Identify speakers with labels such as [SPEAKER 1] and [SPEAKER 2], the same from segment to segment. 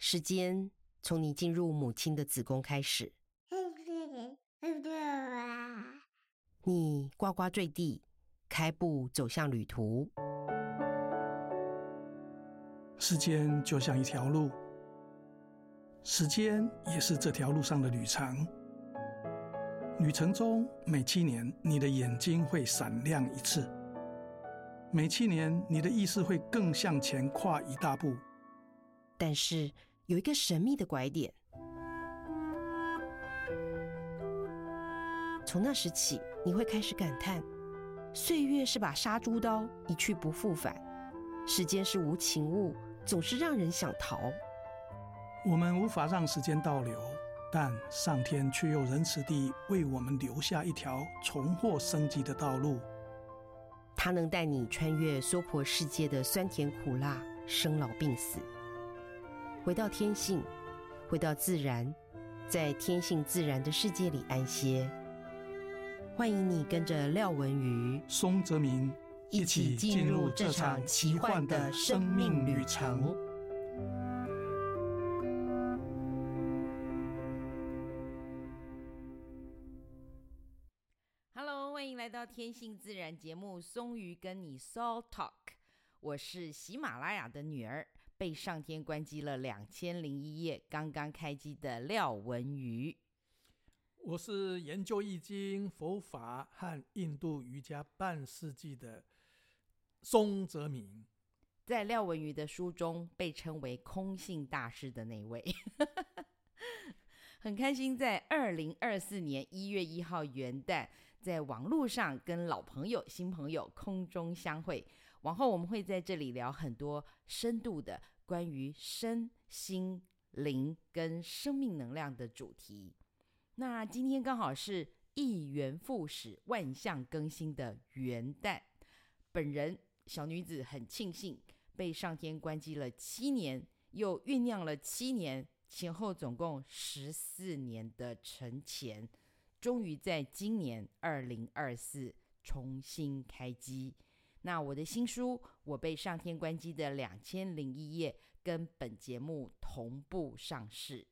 [SPEAKER 1] 時間從你進入母親的子宮開始，你呱呱墜地，開步走向旅途。時間就像一條路，時間
[SPEAKER 2] 也是這條路上的旅程。旅程中每七年，你的眼睛會閃亮一次；每七年，你的意識會更
[SPEAKER 1] 向前跨一大步。但是。有一個神秘的拐點，從那時起，你會開始感嘆：歲月是把殺豬刀，一去不復返；時間是無情物，總是讓人想逃。我們無法讓時間
[SPEAKER 2] 倒流，但上天卻又仁慈地為我們留下一條重獲
[SPEAKER 1] 生機的道路。它能帶你穿越娑婆世界的酸甜苦辣、生老病死。回到天性，回到自然，在天性自然的世界裡安歇。歡迎你跟着廖文瑜、松擇明一起進入這場奇幻的
[SPEAKER 2] 生命旅程。
[SPEAKER 1] Hello，歡迎來到天性自然節目，松瑜跟你 Soul Talk，我是喜馬拉雅的女兒。被上天關機了兩千零一夜，剛剛開機的廖文瑜。我
[SPEAKER 2] 是研究易經、
[SPEAKER 1] 佛法和印度瑜伽半世紀的松擇明，在廖文瑜的書中被稱為空性大師的那位， 很開心在二零二四年一月一號元旦，在網路上跟老朋友、新朋友空中相會。往後我們會在這裡聊很多深度的關於身心靈跟生命能量的主題。那今天剛好是一元復始、萬象更新的元旦。本人小女子很慶幸被上天關機了七年，又醞釀了七年，前後總共十四年的沉潛，終於在今年二零二四重新開機。那我的新書《我被上天關機的兩千零一夜》跟本節目同步上市，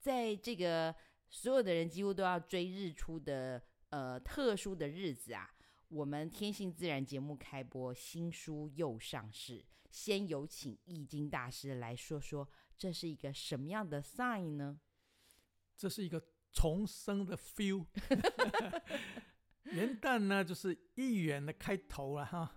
[SPEAKER 1] 在這個所有的人幾乎都要追日出的呃特殊的日子啊，我們天性自然節目開播，新書又上市。先有請易經大師來說說，這是一個什麼樣的 sign 呢？這是一個重生的 feel。 元
[SPEAKER 2] 旦呢，就是一元的開頭了哈。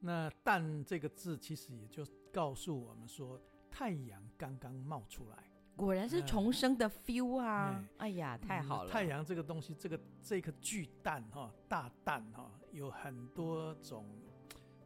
[SPEAKER 2] 那“旦”這個字，其實也就告訴我們說，太陽剛剛冒出來，
[SPEAKER 1] 果然是重生的 feel 啊！嗯、哎,哎呀，太好了！嗯、太
[SPEAKER 2] 陽這個東西，這個這顆、個、巨蛋哈，大蛋哈，有很多種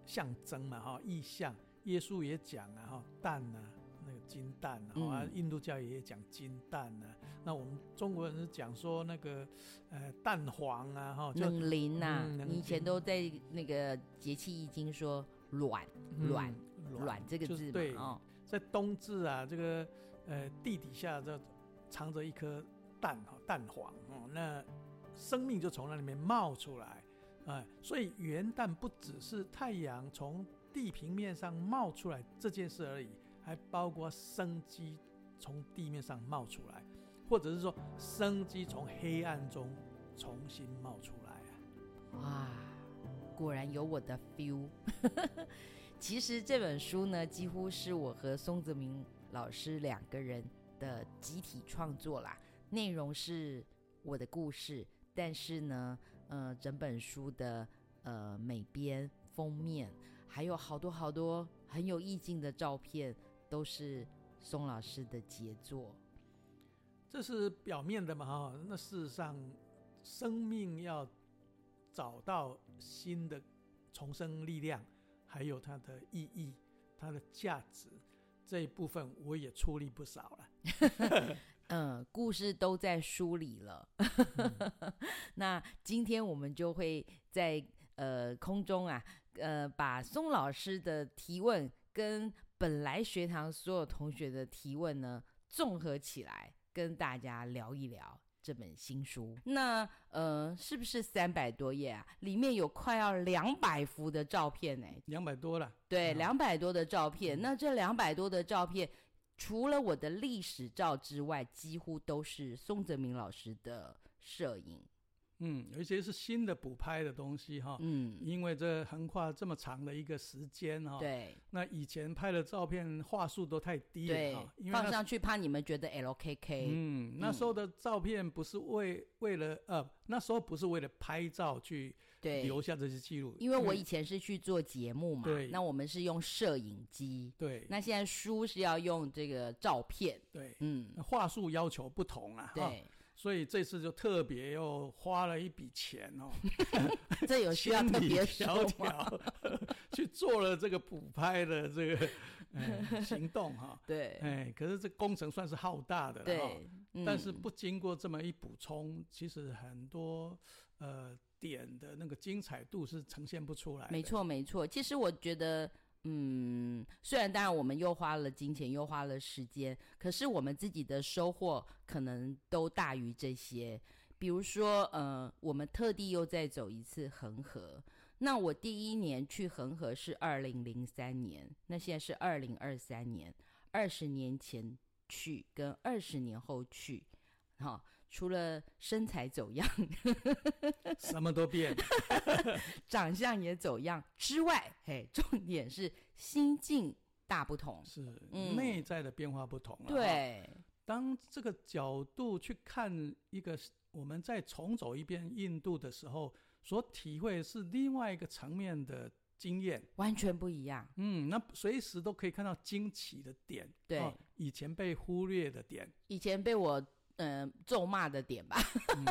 [SPEAKER 2] 象徵嘛哈，意象。耶穌也講啊，蛋呢、啊，那個金蛋啊，嗯、啊印度教也講金蛋啊。那我們中國人是講說那個，呃，蛋黃啊，哈，冷凝吶，嗯那個、以前都
[SPEAKER 1] 在那個《節氣易經說》說“卵卵卵”這個字、就是、對哦，
[SPEAKER 2] 在冬至啊，這個呃，地底下這藏着一顆蛋，哈，蛋黃，哦，那生命就從那裡面冒出來，哎、呃，所以元旦不只是太陽從地平面上冒出來這件事而已，還包括生機從地面上冒出來。或者是說生機從黑暗中重新冒出來啊！
[SPEAKER 1] 哇，果然有我的 feel。 其實這本書呢，幾乎是我和松擇明老師兩個人的集體創作啦。內容是我的故事，但是呢，呃，整本書的呃美編、封面，還有好多好多很有意境的照片，都是松老師的傑作。
[SPEAKER 2] 這是表面的嘛？哈，那事實上，生命要找到新的重生力量，還有它的意義、
[SPEAKER 1] 它的價值這一部分，我也出力不少了。 嗯，故事都在梳理了。嗯、 那今天我們就會在呃空中啊，呃，把松老師的提問跟本來學堂所有同學的提問呢，綜合起來，跟大家聊一聊這本新書，那呃，是不是三百多頁啊？裡面有快要兩百幅的照片呢，兩百多了，對，嗯，兩百多的照片。那這兩百多的照片，除了我的歷史照之外，幾乎都是松擇明老師的攝影。嗯，有一些是新的補
[SPEAKER 2] 拍的東西哈，嗯，因為這橫跨這麼長的一個時間哈，對，那以前拍的照片畫質都
[SPEAKER 1] 太低了哈，放上去怕你們覺得 LKK，嗯，嗯，那時
[SPEAKER 2] 候的照片不是為為了呃，那時候不是為了拍照去
[SPEAKER 1] 對留下這些記錄，因為我以前是去做節目嘛，對，那我們是用攝影機，對，那現在書是要用這個照片，對，嗯，畫質要求不同啊，對。
[SPEAKER 2] 所以這次就特別又花了一筆錢哦， 這有需要特別說嘛？條條去做了這個補拍的這個、哎、行動哈、哦。 對，哎，可是這工程算是浩大的、哦、對、嗯、但是不經過這麼一補充，其實很多呃點的那個精彩度是呈現不出來。沒
[SPEAKER 1] 錯沒錯，其實我覺得。嗯，雖然當然我們又花了金錢，又花了時間，可是我們自己的收穫可能都大於這些。比如說，呃，我們特地又再走一次恆河。那我第一年去恆河是二零零三年，那現在是二零二三年，二十年前去跟二十年後去，好、哦。除了身材走樣 ，
[SPEAKER 2] 什麼都變
[SPEAKER 1] 長相也走樣之外，嘿，重點是心境大不同，是內、嗯、在的變化不同、哦。對，當這個角
[SPEAKER 2] 度去看一個，我們再重走一遍印度的時候，所體會是另外一個層面的經驗，完全不一樣。嗯，那隨
[SPEAKER 1] 時都可以看到驚奇的點，對、哦，以前被忽略的點，以前被我。嗯、呃，咒罵的點吧、 嗯，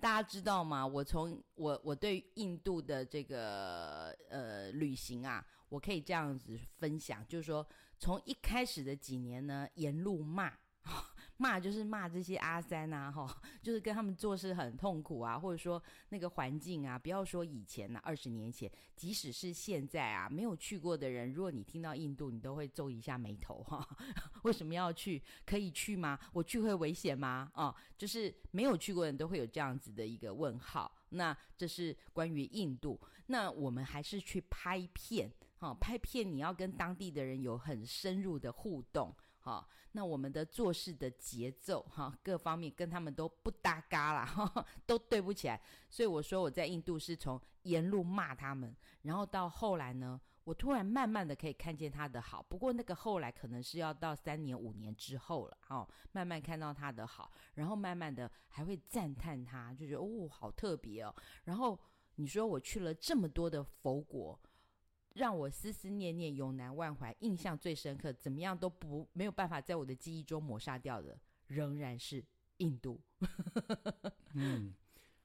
[SPEAKER 1] 大家知道嗎？我從我我對印度的這個呃旅行啊，我可以這樣子分享，就是說從一開始的幾年呢，沿路罵。 罵就是罵這些阿三吶、啊，吼、哦，就是跟他們做事很痛苦啊，或者說那個環境啊，不要說以前吶、啊，二十年前，即使是現在啊，沒有去過的人，如果你聽到印度，你都會皺一下眉頭哈、哦。為什麼要去？可以去嗎？我去會危險嗎？啊、哦，就是沒有去過的人都會有這樣子的一個問號。那這是關於印度。那我們還是去拍片，哦、拍片你要跟當地的人有很深入的互動。好、哦，那我們的做事的節奏哈、哦，各方面跟他們都不搭嘎啦呵呵，都對不起來。所以我說我在印度是從沿路罵他們，然後到後來呢，我突然慢慢的可以看見他的好。不過那個後來可能是要到三年五年之後了哦，慢慢看到他的好，然後慢慢的還會讚嘆他，就覺得哦，好特別哦。然後你說我去了這麼多的佛國，讓我思思念念、永難忘懷、印象最深刻、怎麼樣都不沒有辦法在我的記憶中抹殺掉的，仍然是印度。 嗯，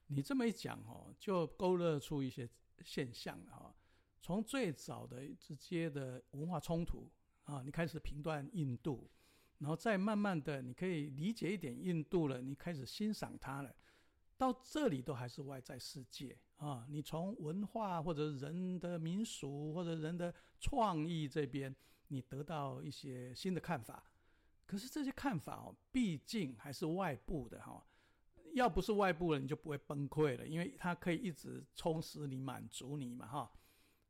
[SPEAKER 2] 你這麼一講哦，就勾勒出一些現象哈、哦。從最早的直接的文化衝突啊，你開始評斷印度，然後再慢慢的，你可以理解一點印度了，你開始欣賞它了。到這裡都還是外在世界啊、哦！你從文化，或者人的民俗，或者人的創意這邊，你得到一些新的看法。可是這些看法哦，畢竟還是外部的哈、哦。要不是外部的，你就不會崩潰了，因為它可以一直充實你、滿足你嘛哈、哦。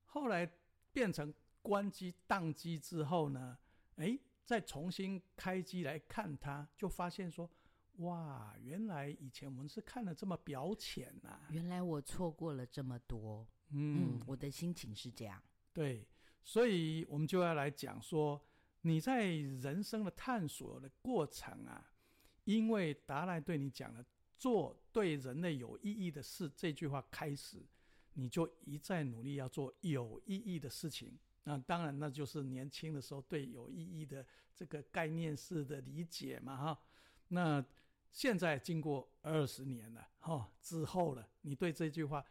[SPEAKER 2] 後來變成關機、宕機之後呢，誒、欸，再重新開機來看它，就發現說。
[SPEAKER 1] 哇，原來以前我們是看了這麼表淺吶、啊！原來我錯過了這麼多嗯。嗯，我的心情是這樣。
[SPEAKER 2] 對，所以我們就要來講說你在人生的探索的過程啊，因為達賴對你講了“做對人類有意義的事”這句話開始，你就一再努力要做有意義的事情。那當然，那就是年輕的時候對有意義的這個概念式的理解嘛，哈，那。現在經過二十年了，哈、哦，之後了，你對這句話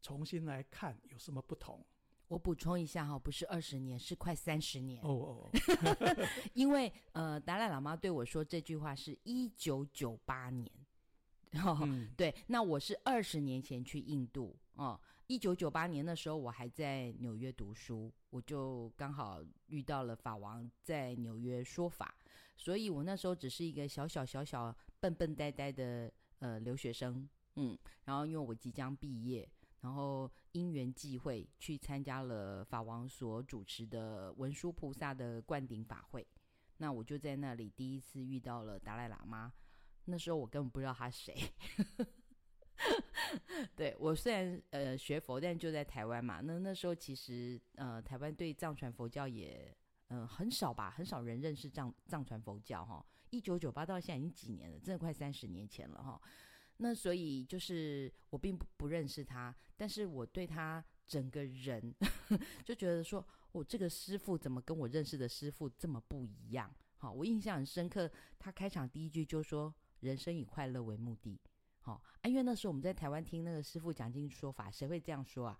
[SPEAKER 1] 重新來看有什麼不同？我補充一下哈、哦，不是二十年，是快三十年。哦哦，哦， 因為呃，達賴喇嘛對我說這句話是一九九八年，哦嗯、對，那我是二十年前去印度，哦，一九九八年的時候我還在紐約讀書，我就剛好遇到了法王在紐約說法，所以我那時候只是一個小小小小。笨笨呆呆的呃留學生，嗯，然後因為我即將畢業，然後因緣際會去參加了法王所主持的文殊菩薩的灌頂法會，那我就在那裡第一次遇到了達賴喇嘛，那時候我根本不知道他是誰？ 對我雖然呃學佛，但就在台灣嘛，那那時候其實呃台灣對藏傳佛教也嗯、呃、很少吧，很少人認識藏藏傳佛教哈、哦。一九九八到現在已經幾年了，真的快三十年前了哈。那所以就是我並不不認識他，但是我對他整個人 就覺得說，我、哦、這個師父怎麼跟我認識的師父這麼不一樣？好，我印象很深刻，他開場第一句就說：“人生以快樂為目的。”好、啊，因為那時候我們在台灣聽那個師父講經說法，誰會這樣說啊？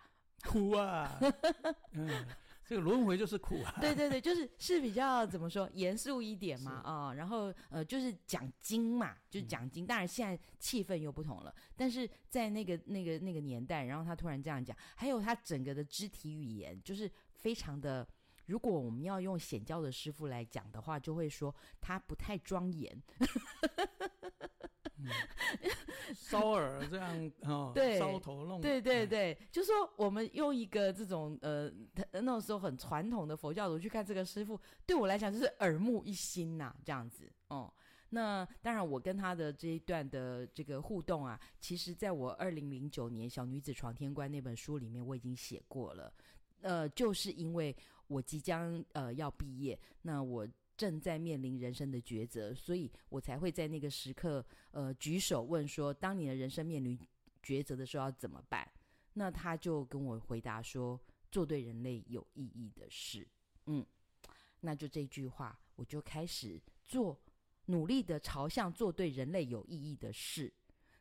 [SPEAKER 1] 哭啊！ 嗯這個輪迴就是苦啊！ 對對對，就是是比較怎麼說嚴肅一點嘛啊、 哦，然後呃就是講經嘛，就是講經、嗯。當然現在氣氛又不同了，但是在那個那個那個年代，然後他突然這樣講，還有他整個的肢體語言，就是非常的。如果我們要用顯教的師傅來講的話，就會說他不太莊嚴。 搔耳，
[SPEAKER 2] 這樣哦，搔頭弄，對對
[SPEAKER 1] 對、嗯，就說我們用一個這種呃，那時候很傳統的佛教徒去看這個師父，對我來講就是耳目一新吶、啊，這樣子哦。那當然，我跟他的這一段的這個互動啊，其實在我二零零九年《小女子闖天關》那本書裡面我已經寫過了。呃，就是因為我即將呃要畢業，那我。正在面臨人生的抉擇，所以我才會在那個時刻，呃，舉手問說：“當你的人生面臨抉擇的時候，要怎麼辦？”那他就跟我回答說：“做對人類有意義的事。”嗯，那就這句話，我就開始做努力的朝向做對人類有意義的事。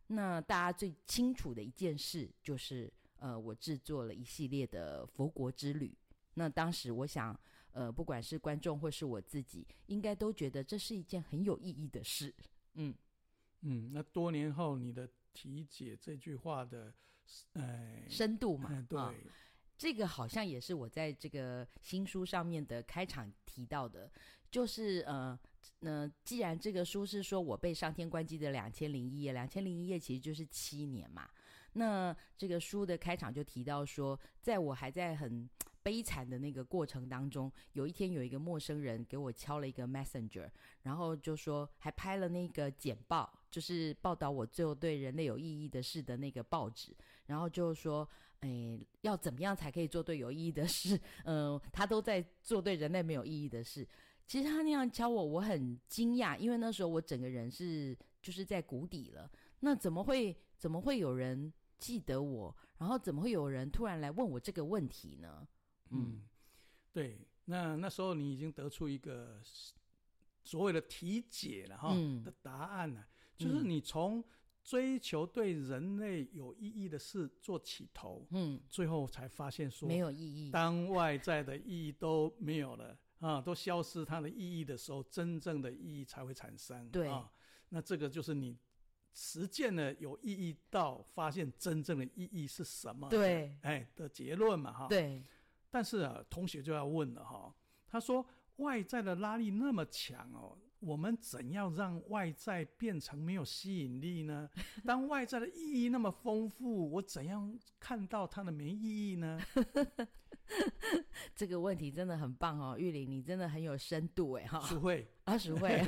[SPEAKER 1] 那大家最清楚的一件事就是，呃，我制作了一系列的佛國之旅。那當時我想。呃，不管是觀眾或是我自己，應該都覺得這是一件很有意義的事。嗯嗯，那多年後你的體解這句話的，呃，深度嘛？呃、對、哦，這個好像也是我在這個新書上面的開場提到的，就是呃，那、呃、既然這個書是說我被上天關機的兩千零一夜，兩千零一夜其實就是七年嘛。那這個書的開場就提到說，在我還在很。悲慘的那個過程當中，有一天有一個陌生人給我敲了一個 messenger，然後就說還拍了那個簡報，就是報道我最後對人類有意義的事的那個報紙，然後就說，哎，要怎麼樣才可以做對有意義的事？嗯，他都在做對人類沒有意義的事。其實他那樣敲我，我很驚訝，因為那時候我整個人是就是在谷底了。那怎麼會怎麼會有人記得我？然後怎麼會有人突然來問我這個問題呢？
[SPEAKER 2] 嗯，對，那那時候你已經得出一個所謂的體解了哈、嗯，的答案呢、啊，就是你從追求對人類有意義的事做起頭，嗯，最後才發現說沒有意義。當外在的意義都沒有了啊，都消失它的意義的時候，真正的意義才會產生。對啊，那這個就是你實踐了有意義到發現真正的意義是什麼，對，哎的結論嘛，哈，對。但是啊，同學就要問了哈、哦，他說外在的拉力那麼強哦，我們怎樣讓外在變成沒有吸引力呢？當外在的意義那麼豐富，我怎樣看到它的沒意義呢？
[SPEAKER 1] 這個問題真的很棒哦，玉玲，你真的很有深度哎哈。淑、哦、慧。 二十位，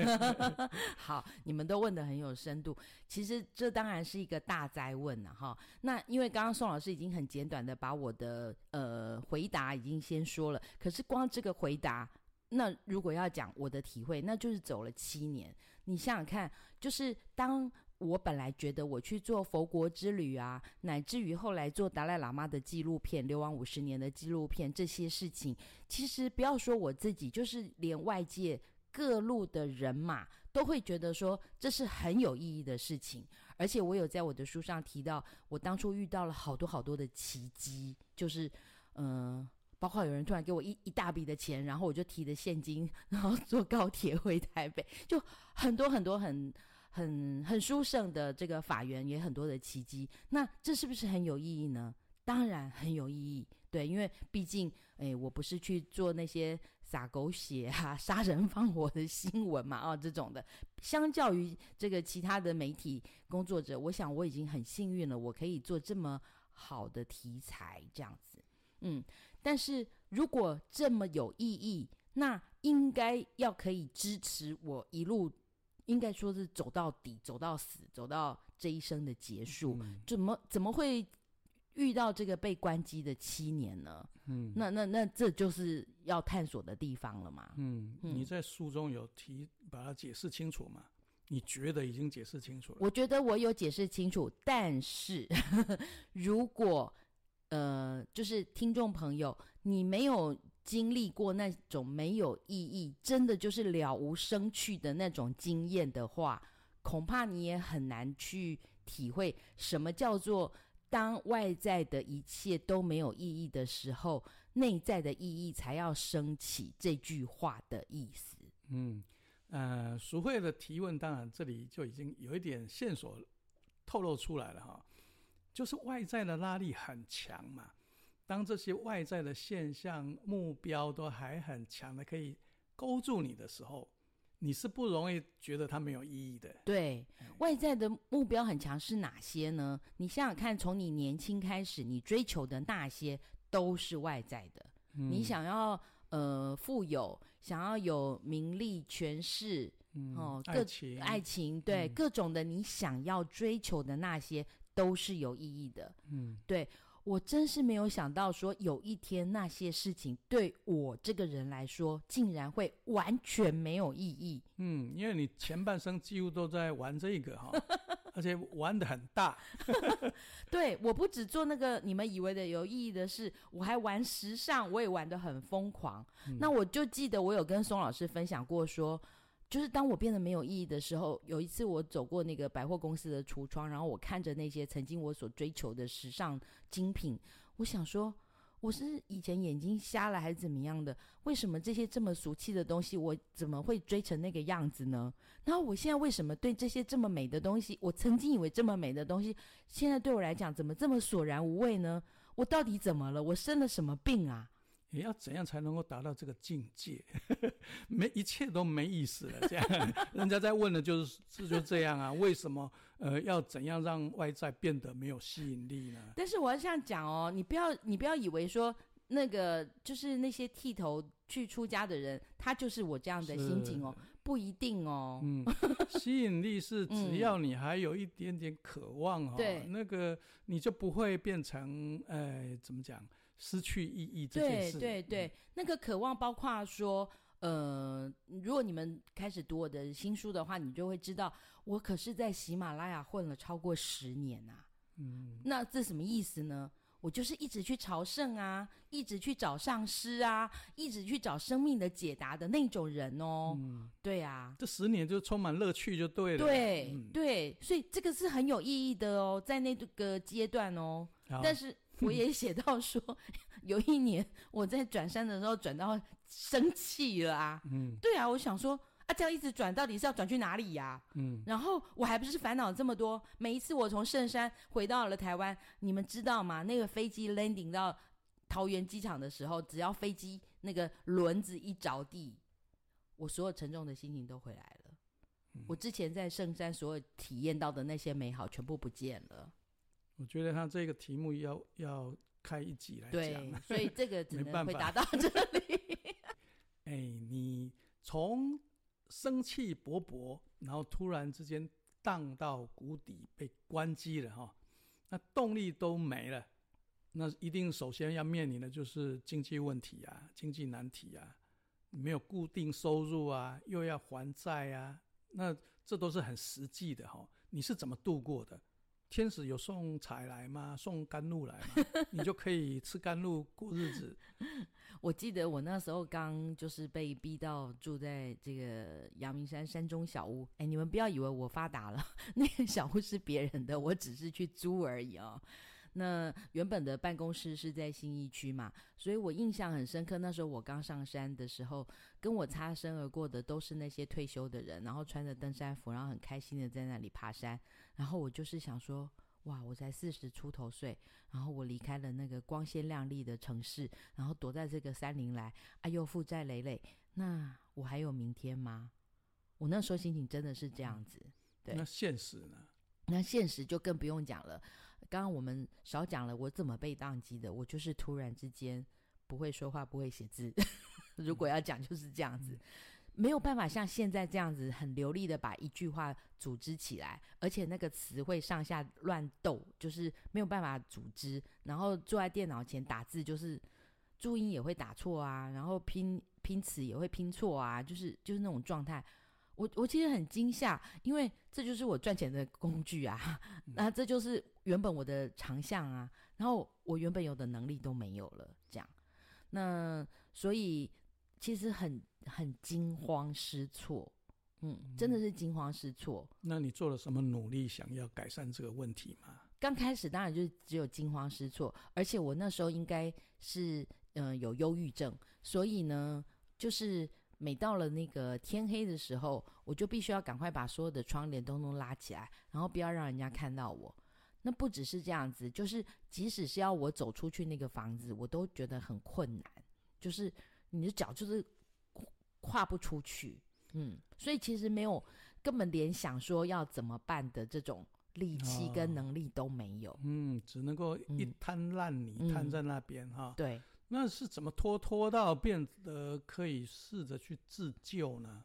[SPEAKER 1] 好，你們都問得很有深度。其實這當然是一個大哉問了，啊、哈。那因為剛剛宋老師已經很簡短的把我的呃回答已經先說了，可是光這個回答，那如果要講我的體會，那就是走了七年。你想想看，就是當我本來覺得我去做佛國之旅啊，乃至於後來做達賴喇嘛的紀錄片、流亡五十年的紀錄片這些事情，其實不要說我自己，就是連外界。各路的人馬都會覺得說，這是很有意義的事情，而且我有在我的書上提到，我當初遇到了好多好多的奇蹟，就是，嗯、呃，包括有人突然給我一一大筆的錢，然後我就提的現金，然後坐高鐵回台北，就很多很多很很很、很殊勝的這個法緣，也很多的奇蹟，那這是不是很有意義呢？當然很有意義。對，因為畢竟，誒，我不是去做那些撒狗血啊、殺人放火的新聞嘛，啊，這種的。相較於這個其他的媒體工作者，我想我已經很幸運了，我可以做這麼好的題材，這樣子。嗯，但是如果這麼有意義，那應該要可以支持我一路，應該說是走到底，走到死，走到這一生的結束，嗯、怎麼怎麼會？遇到這個被關機的七年呢？嗯，那那那這就是要探索的地方了嘛。
[SPEAKER 2] 嗯，嗯，你在書
[SPEAKER 1] 中有提，把它解釋清楚嗎？
[SPEAKER 2] 你覺得已經解釋清楚了？我
[SPEAKER 1] 覺得我有解釋清楚，但是 如果呃，就是聽眾朋友，你沒有經歷過那種沒有意義、真的就是了無生趣的那種經驗的話，恐怕你也很難去體會什麼叫做。當外在的一切都沒有意義的時候，內在的意義才要升起。這句話的意思，
[SPEAKER 2] 嗯，呃，俗慧的提問，當然這裡就已經有一點線索透露出來了哈，就是外在的拉力很強嘛，當這些外在的現象、目標都還很強的可以
[SPEAKER 1] 勾住你的時候。你是不容易覺得它沒有意義的。對外在的目標很強是哪些呢？你想想看，從你年輕開始，你追求的那些都是外在的。嗯、你想要呃富有，想要有名利權勢、嗯，哦，愛情，愛情，對、嗯、各種的你想要追求的那些都是有意義的。嗯，對。我真是沒有想到，說有一天那些事情對我這個人來說，竟然會完全沒有意義。
[SPEAKER 2] 嗯，因為你前半生幾乎都在玩這個哈， 而且玩得很大。
[SPEAKER 1] 對，我不只做那個你們以為的有意義的事，我還玩時尚，我也玩得很瘋狂。嗯。那我就記得我有跟松老師分享過說。就是當我變得沒有意義的時候，有一次我走過那個百貨公司的櫥窗，然後我看着那些曾經我所追求的時尚精品，我想說，我是以前眼睛瞎了還是怎麼樣的？為什麼這些這麼俗氣的東西，我怎麼會追成那個樣子呢？然後我現在為什麼對這些這麼美的東西，我曾經以為這麼美的東西，現在對我來講怎麼這麼索然無味呢？我到底怎麼了？我生了什麼病啊？
[SPEAKER 2] 你要怎樣才能夠達到這個境界？沒一切都沒意思了。這樣，人家在問的就是 是就是這樣啊？為什麼？呃，要怎樣讓外在變得沒有吸引力呢？
[SPEAKER 1] 但是我要這樣講哦，你不要你不要以為說那個就是那些剃頭去出家的人，他就是我這樣的心情哦，不一定哦、嗯。
[SPEAKER 2] 吸引力是只要你還有一點點渴望哦，嗯、那個你就不會變成哎怎麼講？失去意義
[SPEAKER 1] 這件事，對對對、嗯，那個渴望包括說，呃，如果你們開始讀我的新書的話，你就會知道，我可是在喜馬拉雅混了超過十年吶、啊。嗯，那這什麼意思呢？我就是一直去朝聖啊，一直去找上師啊，一直去找生命的解答的那種人哦。嗯、對啊，
[SPEAKER 2] 這十年就充滿樂趣就對了。對、嗯、
[SPEAKER 1] 對，所以這個是很有意義的哦，在那個階段哦，但是。 我也寫到說，有一年我在轉山的時候轉到生氣了啊！嗯，對啊，我想說啊，這樣一直轉到底是要轉去哪裡呀？嗯，然後我還不是煩惱這麼多。每一次我從聖山回到了台灣，你們知道嗎？那個飛機 landing 到桃園機場的時候，只要飛機那個輪子一着地，我所有沉重的心情都回來了。我之前在聖山所有體驗到的那些美好全部不見了。
[SPEAKER 2] 我覺得他這個題目要要開一集來講，對呵呵，所以這個只能沒辦法回答到這裡。 哎，你從生氣勃勃，然後突然之間盪到谷底，被關機了哈、哦，那動力都沒了，那一定首先要面臨的就是經濟問題啊，經濟難題啊，沒有固定收入啊，又要還債啊，那這都是很實際的哈、哦，你是怎麼度過的？天使有送財來嗎？送甘露來嗎？你就可以吃甘露過日子。
[SPEAKER 1] 我記得我那時候剛就是被逼到住在這個陽明山山中小屋。哎、欸，你們不要以為我發達了，那個小屋是別人的，我只是去租而已哦。那原本的辦公室是在信義區嘛，所以我印象很深刻。那時候我剛上山的時候，跟我擦身而過的都是那些退休的人，然後穿着登山服，然後很開心的在那裡爬山。然後我就是想說，哇，我才四十出頭歲，然後我離開了那個光鮮亮麗的城市，然後躲在這個山林來，哎呦，負債累累，那我還有明天嗎？我那時候心情真的是這樣子，對。那現實呢？那現實就更不用講了，剛剛我們少講了我怎麼被宕機的，我就是突然之間不會說話，不會寫字， 如果要講就是這樣子。沒有辦法像現在這樣子很流利的把一句話組織起來，而且那個詞彙上下亂鬥，就是沒有辦法組織。然後坐在電腦前打字，就是注音也會打錯啊，然後拼拼詞也會拼錯啊，就是就是那種狀態。我我其實很驚嚇，因為這就是我賺錢的工具啊，那這就是原本我的長項啊，然後我原本有的能力都沒有了，這樣。那所以其實很。很驚慌失措，嗯，真的是驚慌失措、嗯。那你做了什麼努力想要改善這個問題嗎？剛開始當然就是只有驚慌失措，而且我那時候應該是嗯、呃、有憂鬱症，所以呢，就是每到了那個天黑的時候，我就必須要趕快把所有的窗簾通通拉起來，然後不要讓人家看到我。那不只是這樣子，就是即使是要我走出去那個房子，我都覺得很困難，就是你的腳就是。跨不出去，嗯，所以其實沒有根本連想說要怎麼辦的這種力氣跟能力都沒有，
[SPEAKER 2] 哦、嗯，只能夠一灘爛泥癱、嗯、在那邊哈、嗯哦。對，那是怎麼拖拖到變得可以試着去自救呢？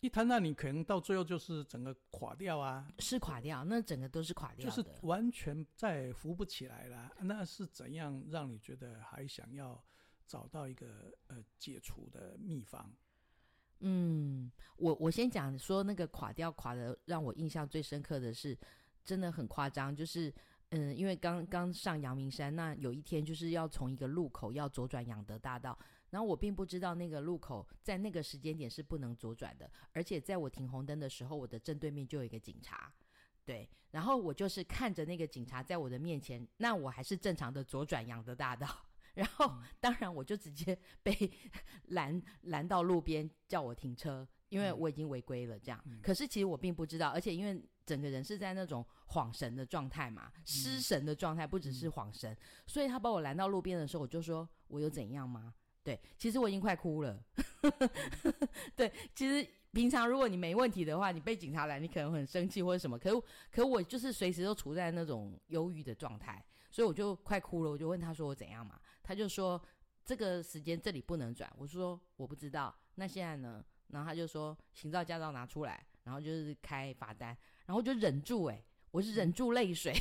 [SPEAKER 2] 一灘爛泥可能到最後就是整個垮掉啊，是垮掉，那
[SPEAKER 1] 整個都是垮掉，就是
[SPEAKER 2] 完全再也浮不起來了。那是怎樣讓你覺得還想要？找到一個呃解除的秘方，
[SPEAKER 1] 嗯，我我先講說那個垮掉垮的，讓我印象最深刻的是，真的很誇張，就是嗯，因為剛剛上陽明山，那有一天就是要從一個路口要左轉仰德大道，然後我並不知道那個路口在那個時間點是不能左轉的，而且在我停紅燈的時候，我的正對面就有一個警察，對，然後我就是看着那個警察在我的面前，那我還是正常的左轉仰德大道。然後，當然我就直接被攔攔到路邊，叫我停車，因為我已經違規了。這樣，嗯，可是其實我並不知道，而且因為整個人是在那種恍神的狀態嘛，失神的狀態，不只是恍神，嗯。所以他把我攔到路邊的時候，我就說：“我有怎樣嗎？”對，其實我已經快哭了。 對，其實平常如果你沒問題的話，你被警察攔，你可能很生氣或者什麼。可是，可我就是隨時都處在那種憂鬱的狀態，所以我就快哭了。我就問他說：“我怎樣嘛？”他就說這個時間這裡不能轉，我說我不知道，那現在呢？然後他就說行照駕照拿出來，然後就是開罰單，然後就忍住哎、欸，我是忍住淚水、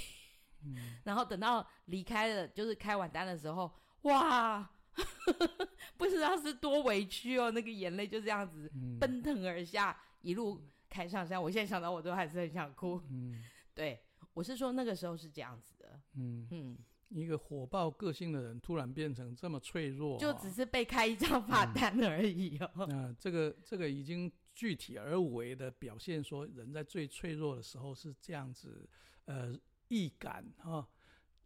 [SPEAKER 1] 嗯，然後等到離開了，就是開完單的時候，哇， 不知道是多委屈哦，那個眼淚就這樣子奔騰而下，嗯、一路開上山。我現在想到我都還是很想哭。嗯、對，我是說那個時候是這樣子的。嗯嗯。
[SPEAKER 2] 一個火爆個性的人突然變成這麼脆弱、哦，就只是被開
[SPEAKER 1] 一張罰單而
[SPEAKER 2] 已哦、嗯。那、嗯、這個這個已經具體而為的表現，說人在最脆弱的時候是這樣子，呃，易感哈。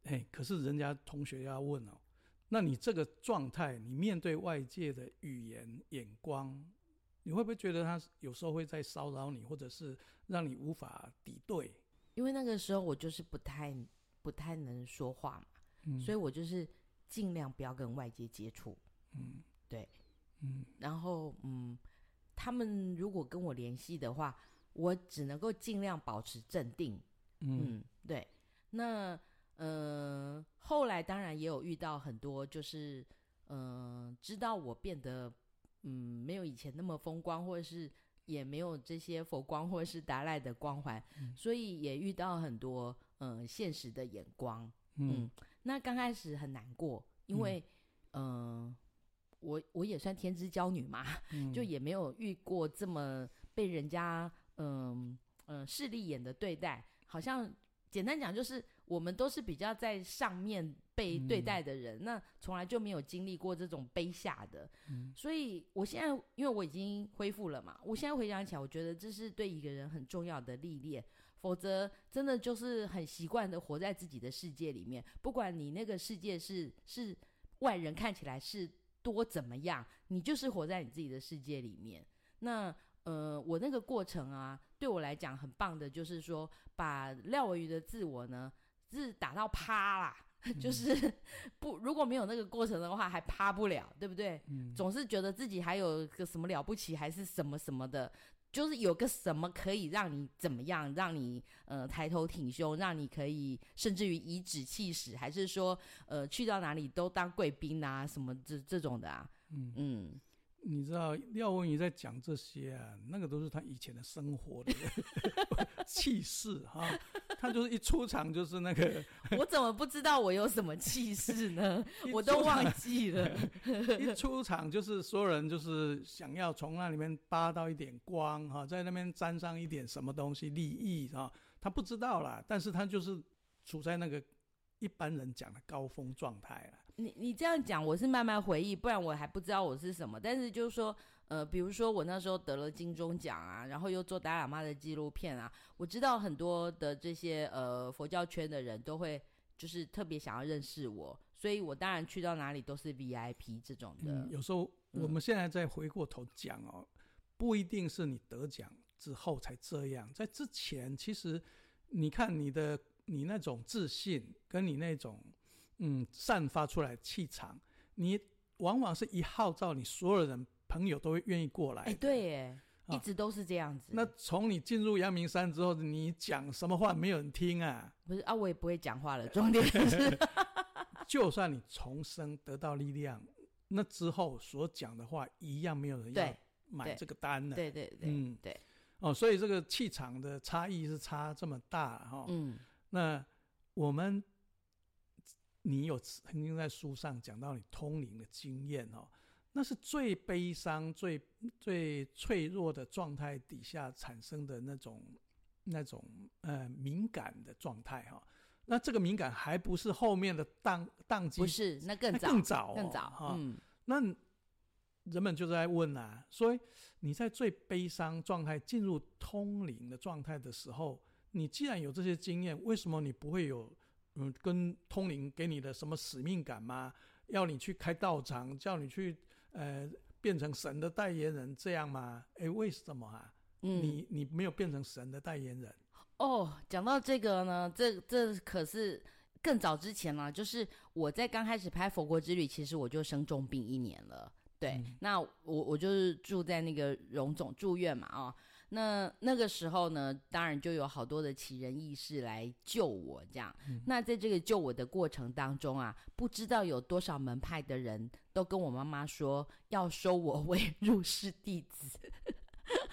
[SPEAKER 2] 嘿、哦欸，可是人家同學要問哦，那你這個狀態，你面對外界的語言眼光，你會不會覺得他有時候會在騷擾你，或者是讓你無法抵
[SPEAKER 1] 對？因為那個時候我就是不太不太能說話。嗯、所以我就是儘量不要跟外界接觸，嗯，對，嗯，然後嗯，他們如果跟我聯繫的話，我只能夠儘量保持鎮定，嗯，嗯對。那嗯、呃，後來當然也有遇到很多，就是嗯、呃，知道我變得嗯沒有以前那麼風光，或者是也沒有這些佛光或者是達賴的光環、嗯，所以也遇到很多嗯、呃、現實的眼光，嗯。嗯那剛開始很難過，因為，嗯，呃、我我也算天之驕女嘛，嗯，就也沒有遇過這麼被人家嗯嗯勢利眼的對待。好像簡單講，就是我們都是比較在上面被對待的人，嗯，那從來就沒有經歷過這種卑下的。嗯，所以，我現在因為我已經恢復了嘛，我現在回想起來，我覺得這是對一個人很重要的歷練。否則，真的就是很習慣的活在自己的世界裡面。不管你那個世界是是外人看起來是多怎麼樣，你就是活在你自己的世界裡面。那呃，我那個過程啊，對我來講很棒的，就是說把廖文瑜的自我呢，是打到趴啦，就是、嗯、 不如果沒有那個過程的話，還趴不了，對不對、嗯？總是覺得自己還有個什麼了不起，還是什麼什麼的。就是有個什麼可以讓你怎麼樣，讓你呃抬頭挺胸，讓你可以甚至於頤指氣使，還是說呃去到哪裡都當貴賓啊什麼這這種的啊？嗯。嗯你知道廖文瑜在
[SPEAKER 2] 講這些，啊，那個都是他以前的生活的氣勢哈。他就是一出場就是那個， 我怎麼不知道我有什麼氣勢呢？ 我都忘記了。 一出場就是所有人就是想要從那裡面扒到一點光哈，啊，在那邊沾上一點什麼東西利益啊。他不知道了，但是他就是處在那個一般人講的高峰狀
[SPEAKER 1] 態你你這樣講，我是慢慢回憶，不然我還不知道我是什麼。但是就是說，呃，比如說我那時候得了金鐘獎啊，然後又做達賴喇嘛的紀錄片啊，我知道很多的這些呃佛教圈的人都會就是特別想要認識我，所以我當然去到哪裡都是 VIP 這種的、嗯。有
[SPEAKER 2] 時候我們現在再回過頭講哦、嗯，不一定是你得獎之後才這樣，在之前其實你看你的你那種自信跟你那種。嗯，散發出來氣場，你往往是一號召，你所有人朋友都會願意過來、欸。
[SPEAKER 1] 對、哦，一直都是這樣子。
[SPEAKER 2] 那從你進入陽明山之後，你講什麼話沒有人聽啊？嗯、
[SPEAKER 1] 不是啊，我也不會講話了。重點是
[SPEAKER 2] 就算你重生得到力量，那之後所講的話一樣沒有人要
[SPEAKER 1] 買這個單的。對對對，對，嗯，
[SPEAKER 2] 對。哦，所以這個氣場的差異是差這麼大哈、哦。嗯，那我們。你有曾經在書上講到你通靈的經驗哦，那是最悲傷、最最脆弱的狀態底下產生的那種、那種呃敏感的狀態哈。那這個敏感還不是後面的當當機，不是，那更早更早哈、哦哦嗯。那人們就在問吶、啊，所以你在最悲傷狀態進入通靈的狀態的時候，你既然有這些經驗，為什麼你不會有？嗯，跟通靈給你的什麼使命感嗎？要你去開道場，叫你去，呃，變成神的代言人這樣嗎？哎，為什麼啊？嗯，你你沒有變成神的代言人。
[SPEAKER 1] 哦，講到這個呢，這這可是更早之前啦，就是我在剛開始拍《佛國之旅》，其實我就生重病一年了。對，嗯，那我我就是住在那個榮總住院嘛啊，哦。那那個時候呢，當然就有好多的奇人異士來救我，這樣、嗯。那在這個救我的過程當中啊，不知道有多少門派的人都跟我媽媽說要收我為入室弟子。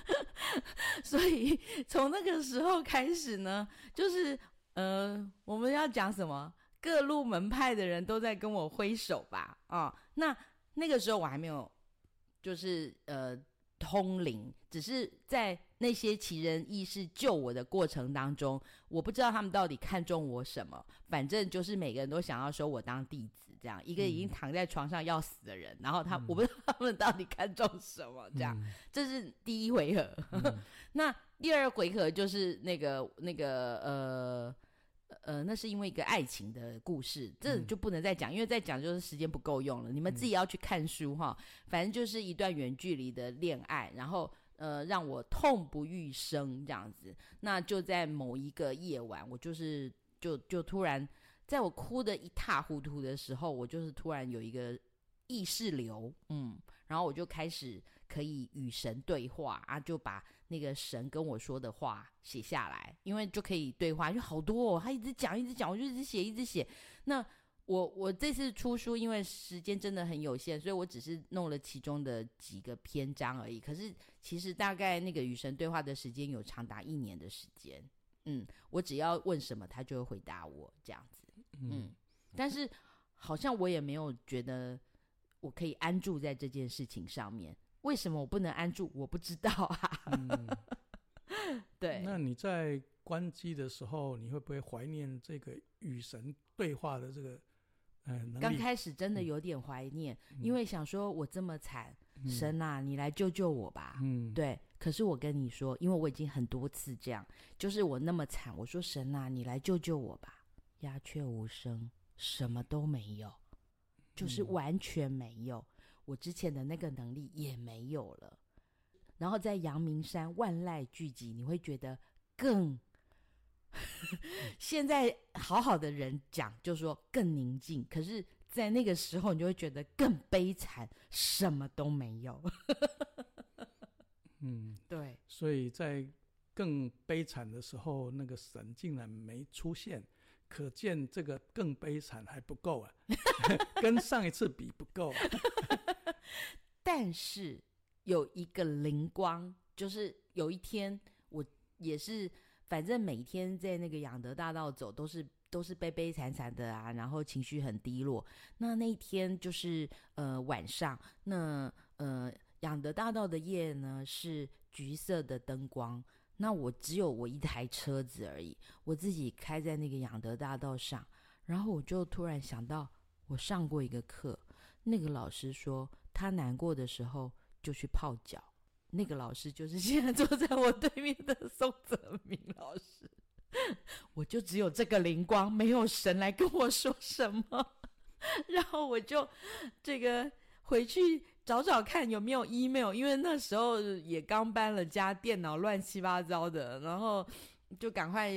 [SPEAKER 1] 所以從那個時候開始呢，就是呃，我們要講什麼？各路門派的人都在跟我揮手吧？啊、哦，那那個時候我還沒有，就是呃，通靈，只是在。那些奇人異士救我的過程當中，我不知道他們到底看中我什麼。反正就是每個人都想要收我當弟子，這樣一個已經躺在床上要死的人。嗯、然後他、嗯，我不知道他們到底看中什麼？這樣、嗯，這是第一回合。嗯、 那第二回合就是那個那個呃呃，那是因為一個愛情的故事，嗯、這就不能再講，因為再講就是時間不夠用了。你們自己要去看書哈、嗯哦。反正就是一段遠距離的戀愛，然後。呃，讓我痛不欲生這樣子。那就在某一個夜晚，我就是就就突然，在我哭得一塌糊塗的時候，我就是突然有一個意識流，嗯，然後我就開始可以與神對話啊，就把那個神跟我說的話寫下來，因為就可以對話，就好多哦，他一直講一直講，我就一直寫一直寫，那。我我這次出書，因為時間真的很有限，所以我只是弄了其中的幾個篇章而已。可是其實大概那個與神對話的時間有長達一年的時間。嗯，我只要問什麼，他就會回答我這樣子。嗯，嗯，但是好像我也沒有覺得我可以安住在這件事情上面。為什麼我不能安住？我不知道啊。嗯。 對。那你在關
[SPEAKER 2] 機的時候，你會不會懷念這個與神對話的這個？剛開始
[SPEAKER 1] 真的有點懷念，嗯、因為想說，我這麼慘，嗯、神吶、啊，你來救救我吧、嗯。對。可是我跟你說，因為我已經很多次這樣，就是我那麼慘，我說神吶、啊，你來救救我吧。鴉雀無聲，什麼都沒有、嗯，就是完全沒有，我之前的那個能力也沒有了。然後在陽明山，萬籟俱寂，你會覺得更。 現在好好的人講，就是說更寧靜。可是，在那個時候，你就會覺得更悲慘，什麼都沒有。 嗯，
[SPEAKER 2] 對。所以在更悲慘的時候，那個神竟然沒出現，可見這個更悲慘還不夠啊，
[SPEAKER 1] 跟上一次比不夠啊。 但是有一個靈光，就是有一天我也是。反正每天在那個仰德大道走，都是都是悲悲慘慘的啊，然後情緒很低落。那那一天就是呃晚上，那呃仰德大道的夜呢是橘色的燈光。那我只有我一台車子而已，我自己開在那個仰德大道上，然後我就突然想到，我上過一個課，那個老師說他難過的時候就去泡腳。那個老師就是現在坐在我對面的松擇明老師，我就只有這個靈光，沒有神來跟我說什麼，然後我就這個回去找找看有沒有 email，因為那時候也剛搬了家，電腦亂七八糟的，然後就趕快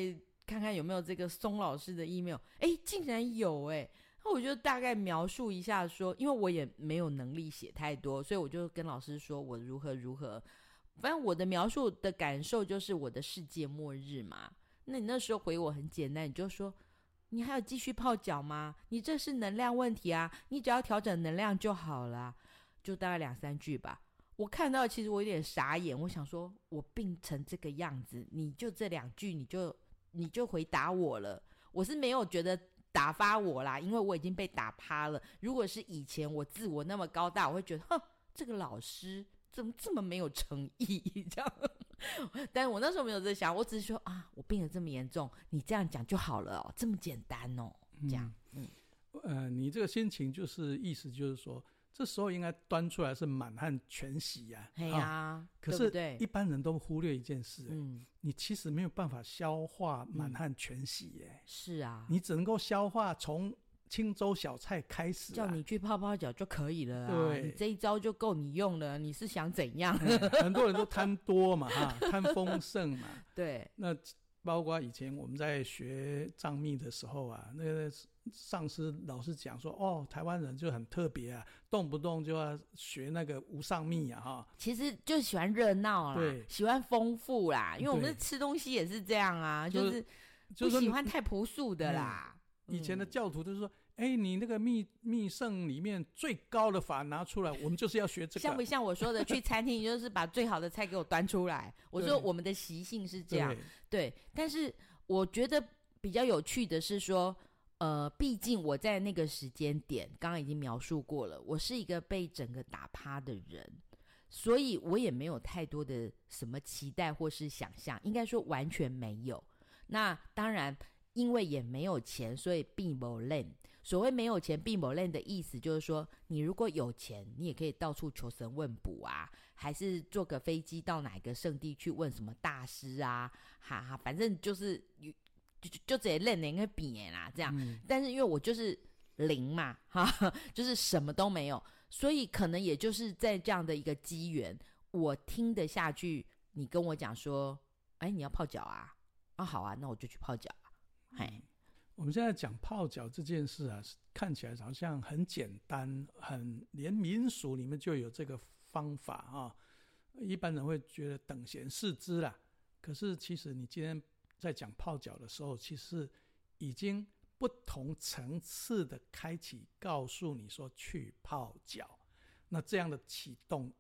[SPEAKER 1] 看看有沒有這個松老師的 email。哎，竟然有哎。那我就大概描述一下，說，因為我也沒有能力寫太多，所以我就跟老師說我如何如何。反正我的描述的感受就是我的世界末日嘛。那你那時候回我很簡單，你就說你還要繼續泡腳嗎？你這是能量問題啊，你只要調整能量就好了啊，就大概兩三句吧。我看到其實我有點傻眼，我想說我病成這個樣子，你就這兩句你就你就回答我了，我是沒有覺得。打發我啦，因為我已經被打趴了。如果是以前我自我那麼高大，我會覺得哼，這個老師怎麼這麼沒有誠意，這樣。但我那時候沒有在想，我只是說啊，我病得這麼嚴重，你這樣講就好了哦、喔，這麼簡單哦、喔嗯，這樣。嗯，呃，你這個
[SPEAKER 2] 心情就是意思就是說。這時候應該端出來是滿漢全席呀、啊，呀、啊啊，可是一般人都忽略一件事、欸，嗯，你其實沒有辦法消化滿漢全席、欸，耶、嗯。
[SPEAKER 1] 是啊，你
[SPEAKER 2] 只能夠消化從清粥小菜開
[SPEAKER 1] 始、啊，叫你去泡泡腳就可以了，對，你這一招就夠你用了，你是想怎樣、嗯？
[SPEAKER 2] 很多人都貪多嘛，哈、 啊，貪豐盛嘛， 對，那包括以前我們在學藏密的時候啊，那個。上師老是講說，哦，台灣人就很特別啊，動不動就要學那個無上密啊。哈。
[SPEAKER 1] 其實就喜歡熱鬧啦，喜歡豐富啦，因為我們吃東西也是這樣啊，就是就是，不喜歡太樸素的啦、
[SPEAKER 2] 嗯。以前的教徒就是說，哎、嗯欸，你那個密
[SPEAKER 1] 密聖裡面最高的法拿出來，我們就是要學這個、啊。像不像我說的， 去餐廳就是把最好的菜給我端出來？我說我們的習性是這樣對、對，對。但是我覺得比較有趣的是說。呃，畢竟我在那個時間點剛剛已經描述過了，我是一個被整個打趴的人，所以我也沒有太多的什麼期待或是想象，應該說完全沒有。那當然，因為也沒有錢，所以並不累。所謂沒有錢並不累的意思，就是說你如果有錢，你也可以到處求神問卜啊，還是坐個飛機到哪個聖地去問什麼大師啊，哈哈，反正就是。就就直接練那個筆啊這樣、嗯。但是因為我就是零嘛，哈，就是什麼都沒有，所以可能也就是在這樣的一個機緣，我聽得下去。你跟我講說，哎、欸，你要泡腳啊？啊，好啊，那我就去泡腳。
[SPEAKER 2] 哎、嗯嗯，我們現在講泡腳這件事啊，看起來好像很簡單，很連民俗裡面就有這個方法啊。一般人會覺得等閒視之啦。可是其實你今天，在講泡腳的時候，其實已經不同層次的開啟，告訴你說去泡腳，那這樣的啟動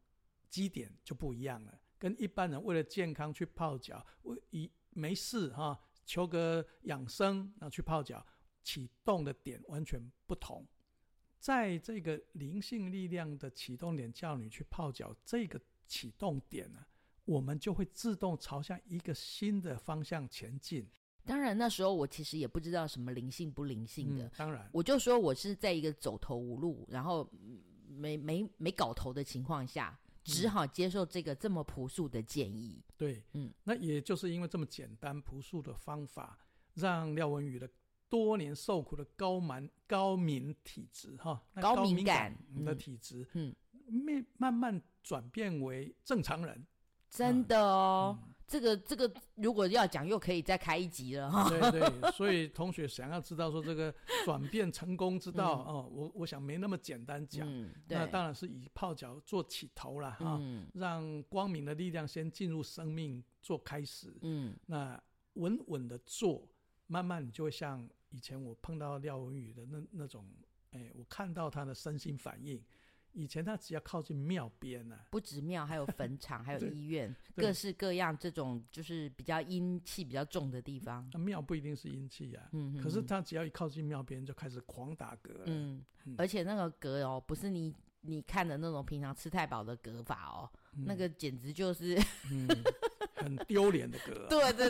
[SPEAKER 2] 基點就不一樣了。跟一般人為了健康去泡腳，為一沒事哈，求個養生，那去泡腳啟動的點完全不同。在這個靈性力量的啟動點叫你去泡腳，這個啟
[SPEAKER 1] 動點呢、啊？我們就會自動朝向一個新的方向前進、嗯。當然，那時候我其實也不知道什麼靈性不靈性的、嗯。當然，我就說我是在一個走投無路，然後沒沒沒搞頭的情況下，只好接受這個這麼樸素的建議、嗯。對，
[SPEAKER 2] 嗯，那也就是因為這麼簡單樸素的方法，讓廖文瑜的多年受苦的高蠻高，高敏體質
[SPEAKER 1] 哈，高敏感的
[SPEAKER 2] 體質，嗯，沒、嗯，慢慢轉變為正常人。
[SPEAKER 1] 真的哦，這、嗯、個、嗯、這個，這個、如果要講，又可以再開一集了哈。對對，
[SPEAKER 2] 所以同學想要知道說這個轉變成功之道、嗯、哦，我我想沒那麼簡單講。嗯、那當然是以泡腳做起頭了哈、哦嗯，讓光明的力量先進入生命做開始。嗯，那穩穩的做，慢慢你就會像以前我碰到廖文瑜的那那種，哎，我看
[SPEAKER 1] 到他的身心反應。以前他只要靠近廟邊呢，不止廟，還有墳場， 還有醫院，各式各樣這種就是比較陰氣比較重的地方。那廟不一定是陰氣啊，嗯，嗯，可是他只要一靠近廟邊，就開始狂打嗝、嗯，嗯，而且那個嗝哦、喔，不是你你看的那種平常吃太飽的嗝法哦、喔嗯，那個簡直就是，嗯、 很丟臉的嗝、喔， 對對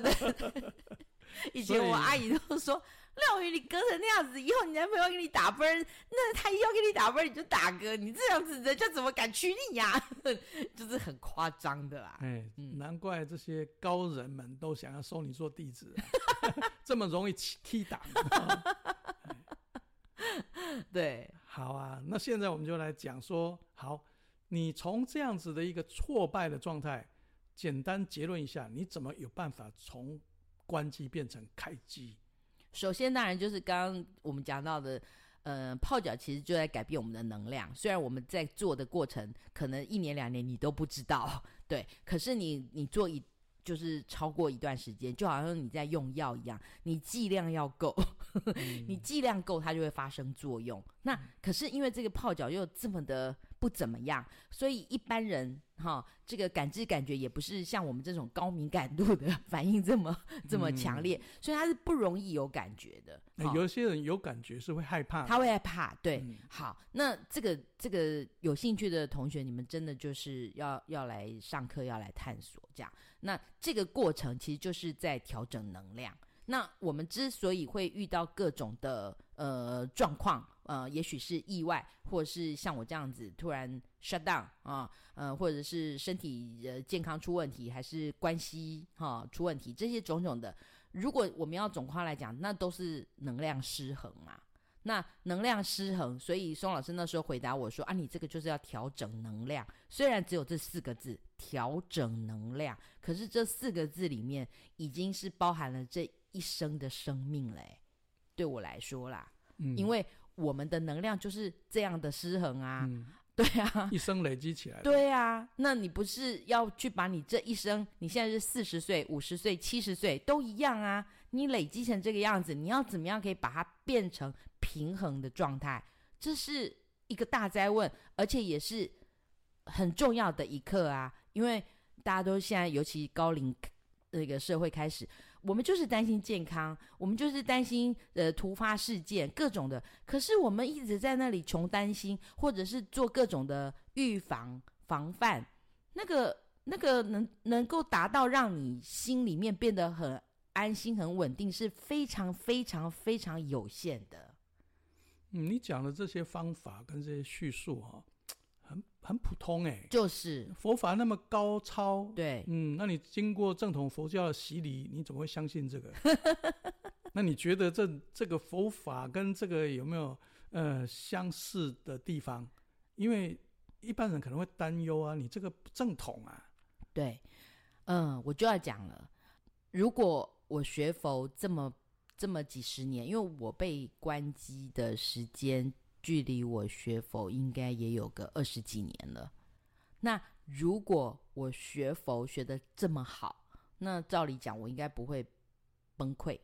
[SPEAKER 1] 對 以，以前我阿姨都說。那我與你哥成那樣子，以後你男朋友給你打分，那他一要給你打分，你就打嗝，你這樣子人家怎麼敢娶你呀，啊？ 就是很誇
[SPEAKER 2] 張的啦，啊。哎，欸，嗯，難怪這些高人們都想要收你做弟子、啊， 這麼容易踢檔。 對，好啊。那現在我們就來講說，好，你從這樣子的一個挫敗的狀態，簡單結論一下，你怎麼有辦法從關機變成
[SPEAKER 1] 開機？首先，當然就是剛剛我們講到的，呃，泡腳其實就在改變我們的能量。雖然我們在做的過程，可能一年兩年你都不知道，對，可是你你做一就是超過一段時間，就好像你在用藥一樣，你劑量要夠，呵呵嗯、你劑量夠，它就會發生作用。那可是因為這個泡腳又這麼的。不怎麼樣，所以一般人哈、哦，這個感知感覺也不是像我們這種高敏感度的反應這麼、嗯、這麼強烈，所以他是不容易有感覺的。那、欸哦、
[SPEAKER 2] 有些人有感覺是會害怕，他會害
[SPEAKER 1] 怕。對，嗯、好，那這個這個有興趣的同學，你們真的就是要要來上課，要來探索這樣。那這個過程其實就是在調整能量。那我們之所以會遇到各種的呃狀況。呃，也許是意外，或者是像我這樣子突然 shut down 啊，呃，或者是身體呃健康出問題，還是關係哈、啊、出問題，這些種種的，如果我們要總括來講，那都是能量失衡啊。那能量失衡，所以松老師那時候回答我說：“啊，你這個就是要調整能量。”雖然只有這四個字“調整能量”，可是這四個字裡面已經是包含了這一生的生命嘞。對我來說啦，嗯、因為。我們的能量就是這樣的失衡啊，嗯、對啊，一生累積起來，對啊，那你不是要去把你這一生，你現在是四十歲、五十歲、七十歲都一樣啊，你累積成這個樣子，你要怎麼樣可以把它變成平衡的狀態？這是一個大哉問，而且也是很重要的一刻啊，因為大家都現在尤其高齡這個社會開始。我們就是擔心健康，我們就是擔心呃突發事件各種的。可是我們一直在那裡窮擔心，或者是做各種的預防防範，那個那個能能夠達到讓你心裡面變得很安心、很穩定，是非常非常非常有限的。嗯，你講的這些方
[SPEAKER 2] 法跟這些敘述，哦，哈。很普通哎、欸，就是佛法那麼高超，對，嗯，那你經過正統佛教的洗禮，你怎麼會相信這個？ 那你覺得這這個佛法跟這個有沒有呃相似的地方？因為一般人可能會擔憂啊，你這個不正統啊。
[SPEAKER 1] 對，嗯，我就要講了，如果我學佛這麼這麼幾十年，因為我被關機的時間。距離我學佛應該也有個二十幾年了。那如果我學佛學得這麼好，那照理講我應該不會崩潰。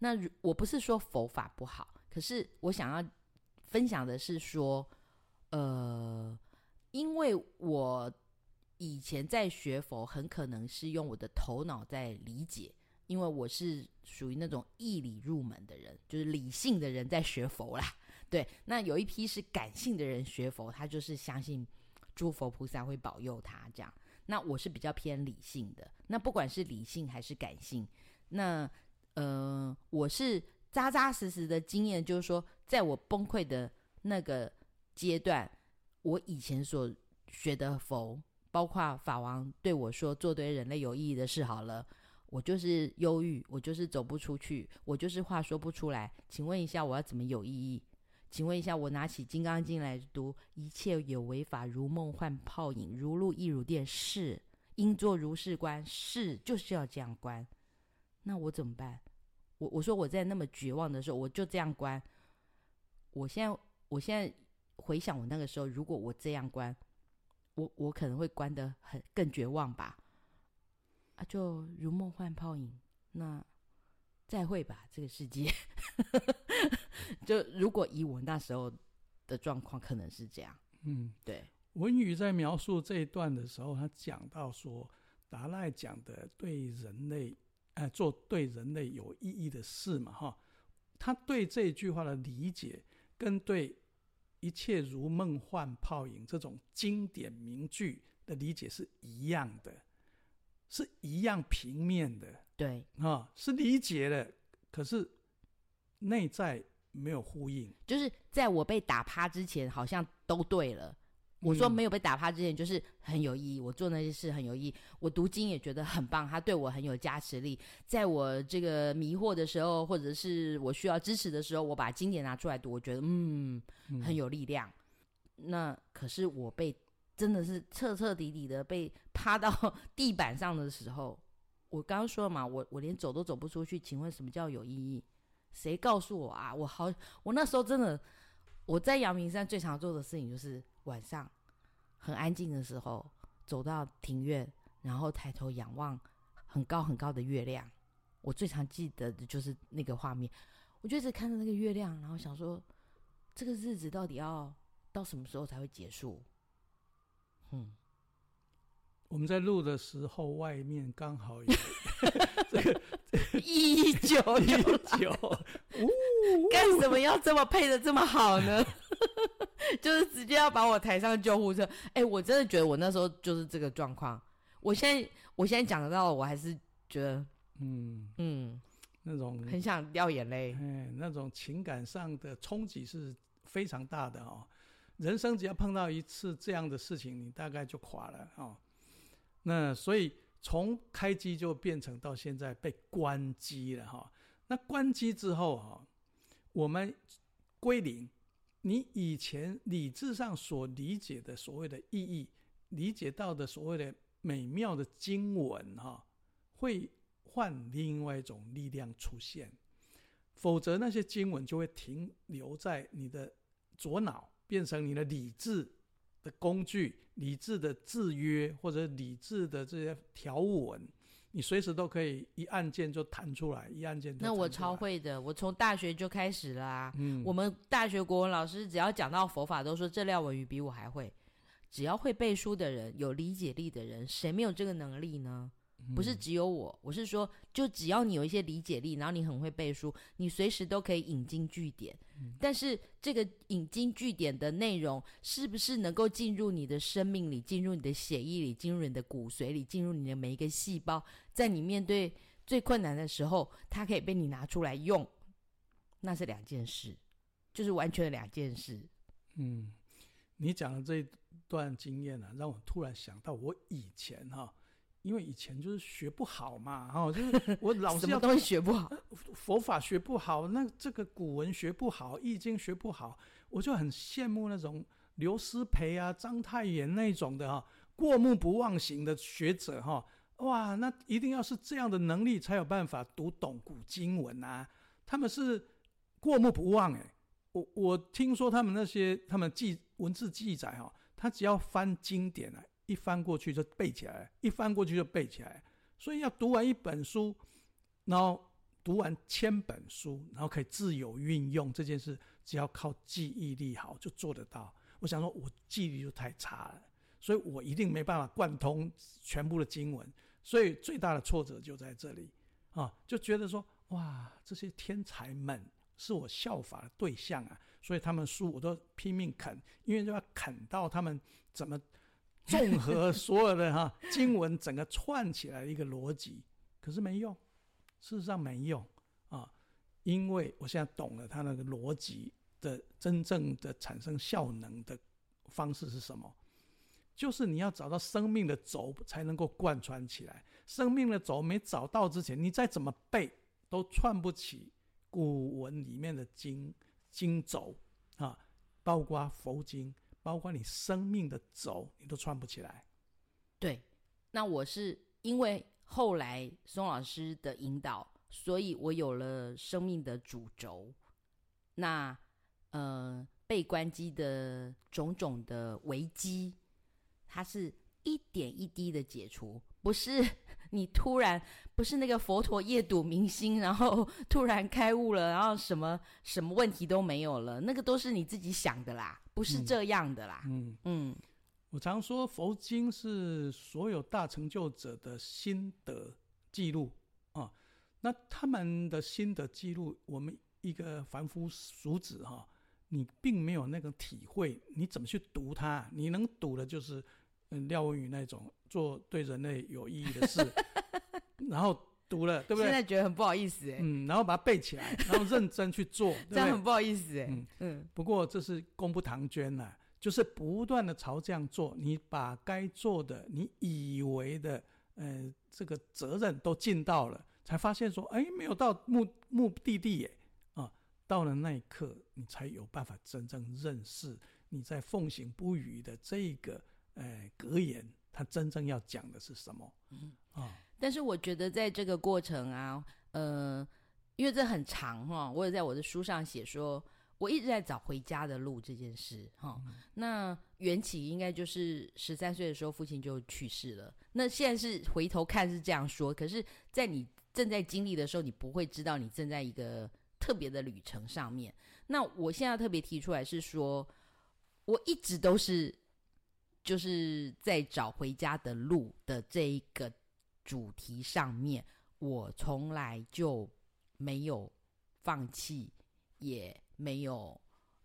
[SPEAKER 1] 那我我不是說佛法不好，可是我想要分享的是說，呃，因為我以前在學佛，很可能是用我的頭腦在理解，因為我是屬於那種義理入門的人，就是理性的人在學佛啦。對，那有一批是感性的人學佛，他就是相信諸佛菩薩會保佑他這樣。那我是比較偏理性的，那不管是理性還是感性，那呃，我是扎扎實實的經驗，就是說，在我崩潰的那個階段，我以前所學的佛，包括法王對我說，做對人類有意義的事好了，我就是憂鬱，我就是走不出去，我就是話說不出來。請問一下，我要怎麼有意義？請問一下，我拿起《金剛經》來讀，一切有為法，如夢幻泡影，如露亦如電，是應作如是觀。是，就是要這樣觀。那我怎麼辦？我我說我在那麼絕望的時候，我就這樣觀。我現在我現在回想我那個時候，如果我這樣觀，我我可能會觀得很更絕望吧。啊，就如夢幻泡影，那再會吧，這個世界。 就如果以我那時候的狀況，可能是這樣。嗯，對。文瑜在描述這一段的時候，他講
[SPEAKER 2] 到說達賴講的對人類，呃、做對人類有意義的事嘛，哈。他對這句話的理解，跟對“一切如夢幻泡影”這種經典名句的理解是一樣的，是一樣平面的。對，哈，是理解的，
[SPEAKER 1] 可是。內在沒有呼應，就是在我被打趴之前，好像都對了，嗯。我說沒有被打趴之前，就是很有意義。我做那些事很有意義，我讀經也覺得很棒，他對我很有加持力。在我這個迷惑的時候，或者是我需要支持的時候，我把經典拿出來讀，我覺得嗯很有力量，嗯。那可是我被真的是徹徹底底的被趴到地板上的時候，我剛剛說了嘛，我我連走都走不出去。請問什麼叫有意義？誰告訴我啊？我好，我那時候真的，我在陽明山最常做的事情就是晚上很安靜的時候，走到庭院，然後抬頭仰望很高很高的月亮。我最常記得的就是那個畫面，我就一直看着那個月亮，然後想說，這個日子到底要到什麼時候才會結束？嗯。我們
[SPEAKER 2] 在錄的時候，外面剛好有 這個一九
[SPEAKER 1] 一九，哦，幹 什麼要這麼配得這麼好呢？ 就是直接要把我抬上救護車。哎、欸，我真的覺得我那時候就是這個狀況。我現在我現在講得到，我還是覺得嗯嗯那
[SPEAKER 2] 種很想掉眼淚，嗯、欸，那種情感上的衝擊是非常大的哦。人生只要碰到一次這樣的事情，你大概就垮了哦。那所以從開機就變成到現在被關機了哈、哦，那關機之後哈、哦，我們歸零，你以前理智上所理解的所謂的意義，理解到的所謂的美妙的經文哈、哦，會換另外一種力量出現，否則那些經文就會停留在你的左腦，變成你的理智的工具。理智的制約或者理智的這些條文，你隨時都可以一按鍵就彈出來，一按鍵就彈出來。那
[SPEAKER 1] 我超會的，我從大學就開始啦、啊。嗯，我們大學國文老師只要講到佛法，都說這廖文瑜比我還會。只要會背書的人，有理解力的人，誰沒有這個能力呢？不是只有我，我是說，就只要你有一些理解力，然後你很會背書，你隨時都可以引經據典。但是這個引經據典的內容，是不是能夠進入你的生命裡，進入你的血液裡，進入你的骨髓裡，進入你的每一個細胞，在你面對最困難的時候，它可以被你拿出來用，那是兩件事，就是完全的兩件事。
[SPEAKER 2] 嗯，你講的這段經驗呢、啊，讓我突然想到，我以前哈。因為以前就是學不好嘛。哈、哦，就是我老是要 什麼都會學不好，佛法學不好，那這個古文學不好，易經學不好，我就很羨慕那種劉師培啊、章太炎那種的哈、哦，過目不忘型的學者哈、哦，哇，那一定要是這樣的能力才有辦法讀懂古經文啊。他們是過目不忘哎，我我聽說他們那些他們記文字記載哈、哦，他只要翻經典來。一翻過去就背起來，一翻過去就背起來，所以要讀完一本書，然後讀完千本書，然後可以自由運用這件事，只要靠記憶力好就做得到。我想說，我記憶力就太差了，所以我一定沒辦法貫通全部的經文，所以最大的挫折就在這裡啊，就覺得說，哇，這些天才們是我效法的對象啊，所以他們書我都拼命啃，因為就要啃到他們怎麼。綜合所有的哈 經文，整個串起來的一個邏輯，可是沒用，事實上沒用啊，因為我現在懂了它那個邏輯的真正的產生效能的方式是什麼，就是你要找到生命的軸才能夠貫穿起來。生命的軸沒找到之前，你再怎麼背都串不起古文裡面的經經軸啊，包括
[SPEAKER 1] 佛經。包括你生命的軸，你都串不起來。對，那我是因為後來松老師的引導，所以我有了生命的主軸。那呃，被關機的種種的危機，它是一點一滴的解除，不是。你突然不是那個佛陀夜睹明星，然後突然開悟了，然後什麼什麼問題都沒有了，那個都是你自己想的啦，不是這樣的啦。
[SPEAKER 2] 嗯嗯，我常說佛經是所有大成就者的心得記錄啊、哦，那他們的心得記錄，我們一個凡夫俗子哈，你並沒有那個體會，你怎麼去讀它？你能讀的就是。嗯、廖文瑜那種做對人類有意義的事， 然後讀了，對不對？現在覺得很不好意思，嗯，然後把它背起來，然後認真去做， 對對，這樣很不好意思。嗯嗯。不過這是功不唐捐吶，就是不斷的朝這樣做，你把該做的，你以為的，呃，這個責任都盡到了，才發現說，哎，沒有到目目的地耶。」啊，到了那一刻，你才有辦法真正認識你在奉行不渝的這個。哎，格言他真正要講的是什麼？嗯啊、哦，
[SPEAKER 1] 但是我覺得在這個過程啊，呃，因為這很長哈、哦，我有在我的書上寫說，我一直在找回家的路這件事、哦嗯。那緣起應該就是十三歲的時候，父親就去世了。那現在是回頭看是這樣說，可是在你正在經歷的時候，你不會知道你正在一個特別的旅程上面。那我現在特別提出來是說，我一直都是。就是在找回家的路的這一個主題上面，我從來就沒有放棄，也沒有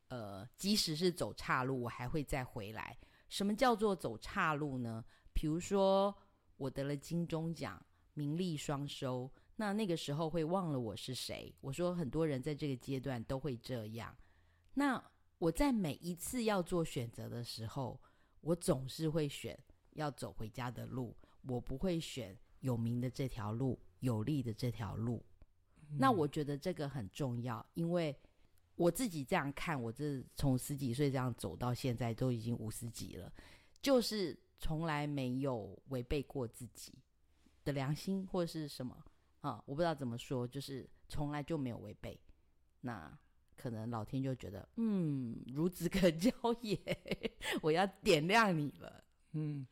[SPEAKER 1] 呃，即使是走岔路，我還會再回來。什麼叫做走岔路呢？比如說我得了金鐘獎，名利雙收，那那個時候會忘了我是誰。我說很多人在這個階段都會這樣。那我在每一次要做選擇的時候。我總是會選要走回家的路，我不會選有名的這條路，有利的這條路。嗯。那我覺得這個很重要，因為我自己這樣看，我這從十幾歲這樣走到現在，都已經五十幾了，就是從來沒有違背過自己的良心或者是什麼啊。嗯，我不知道怎麼說，就是從來就沒有違背。那。可能老天就覺得，嗯，孺子可教也，我要點亮你了。嗯，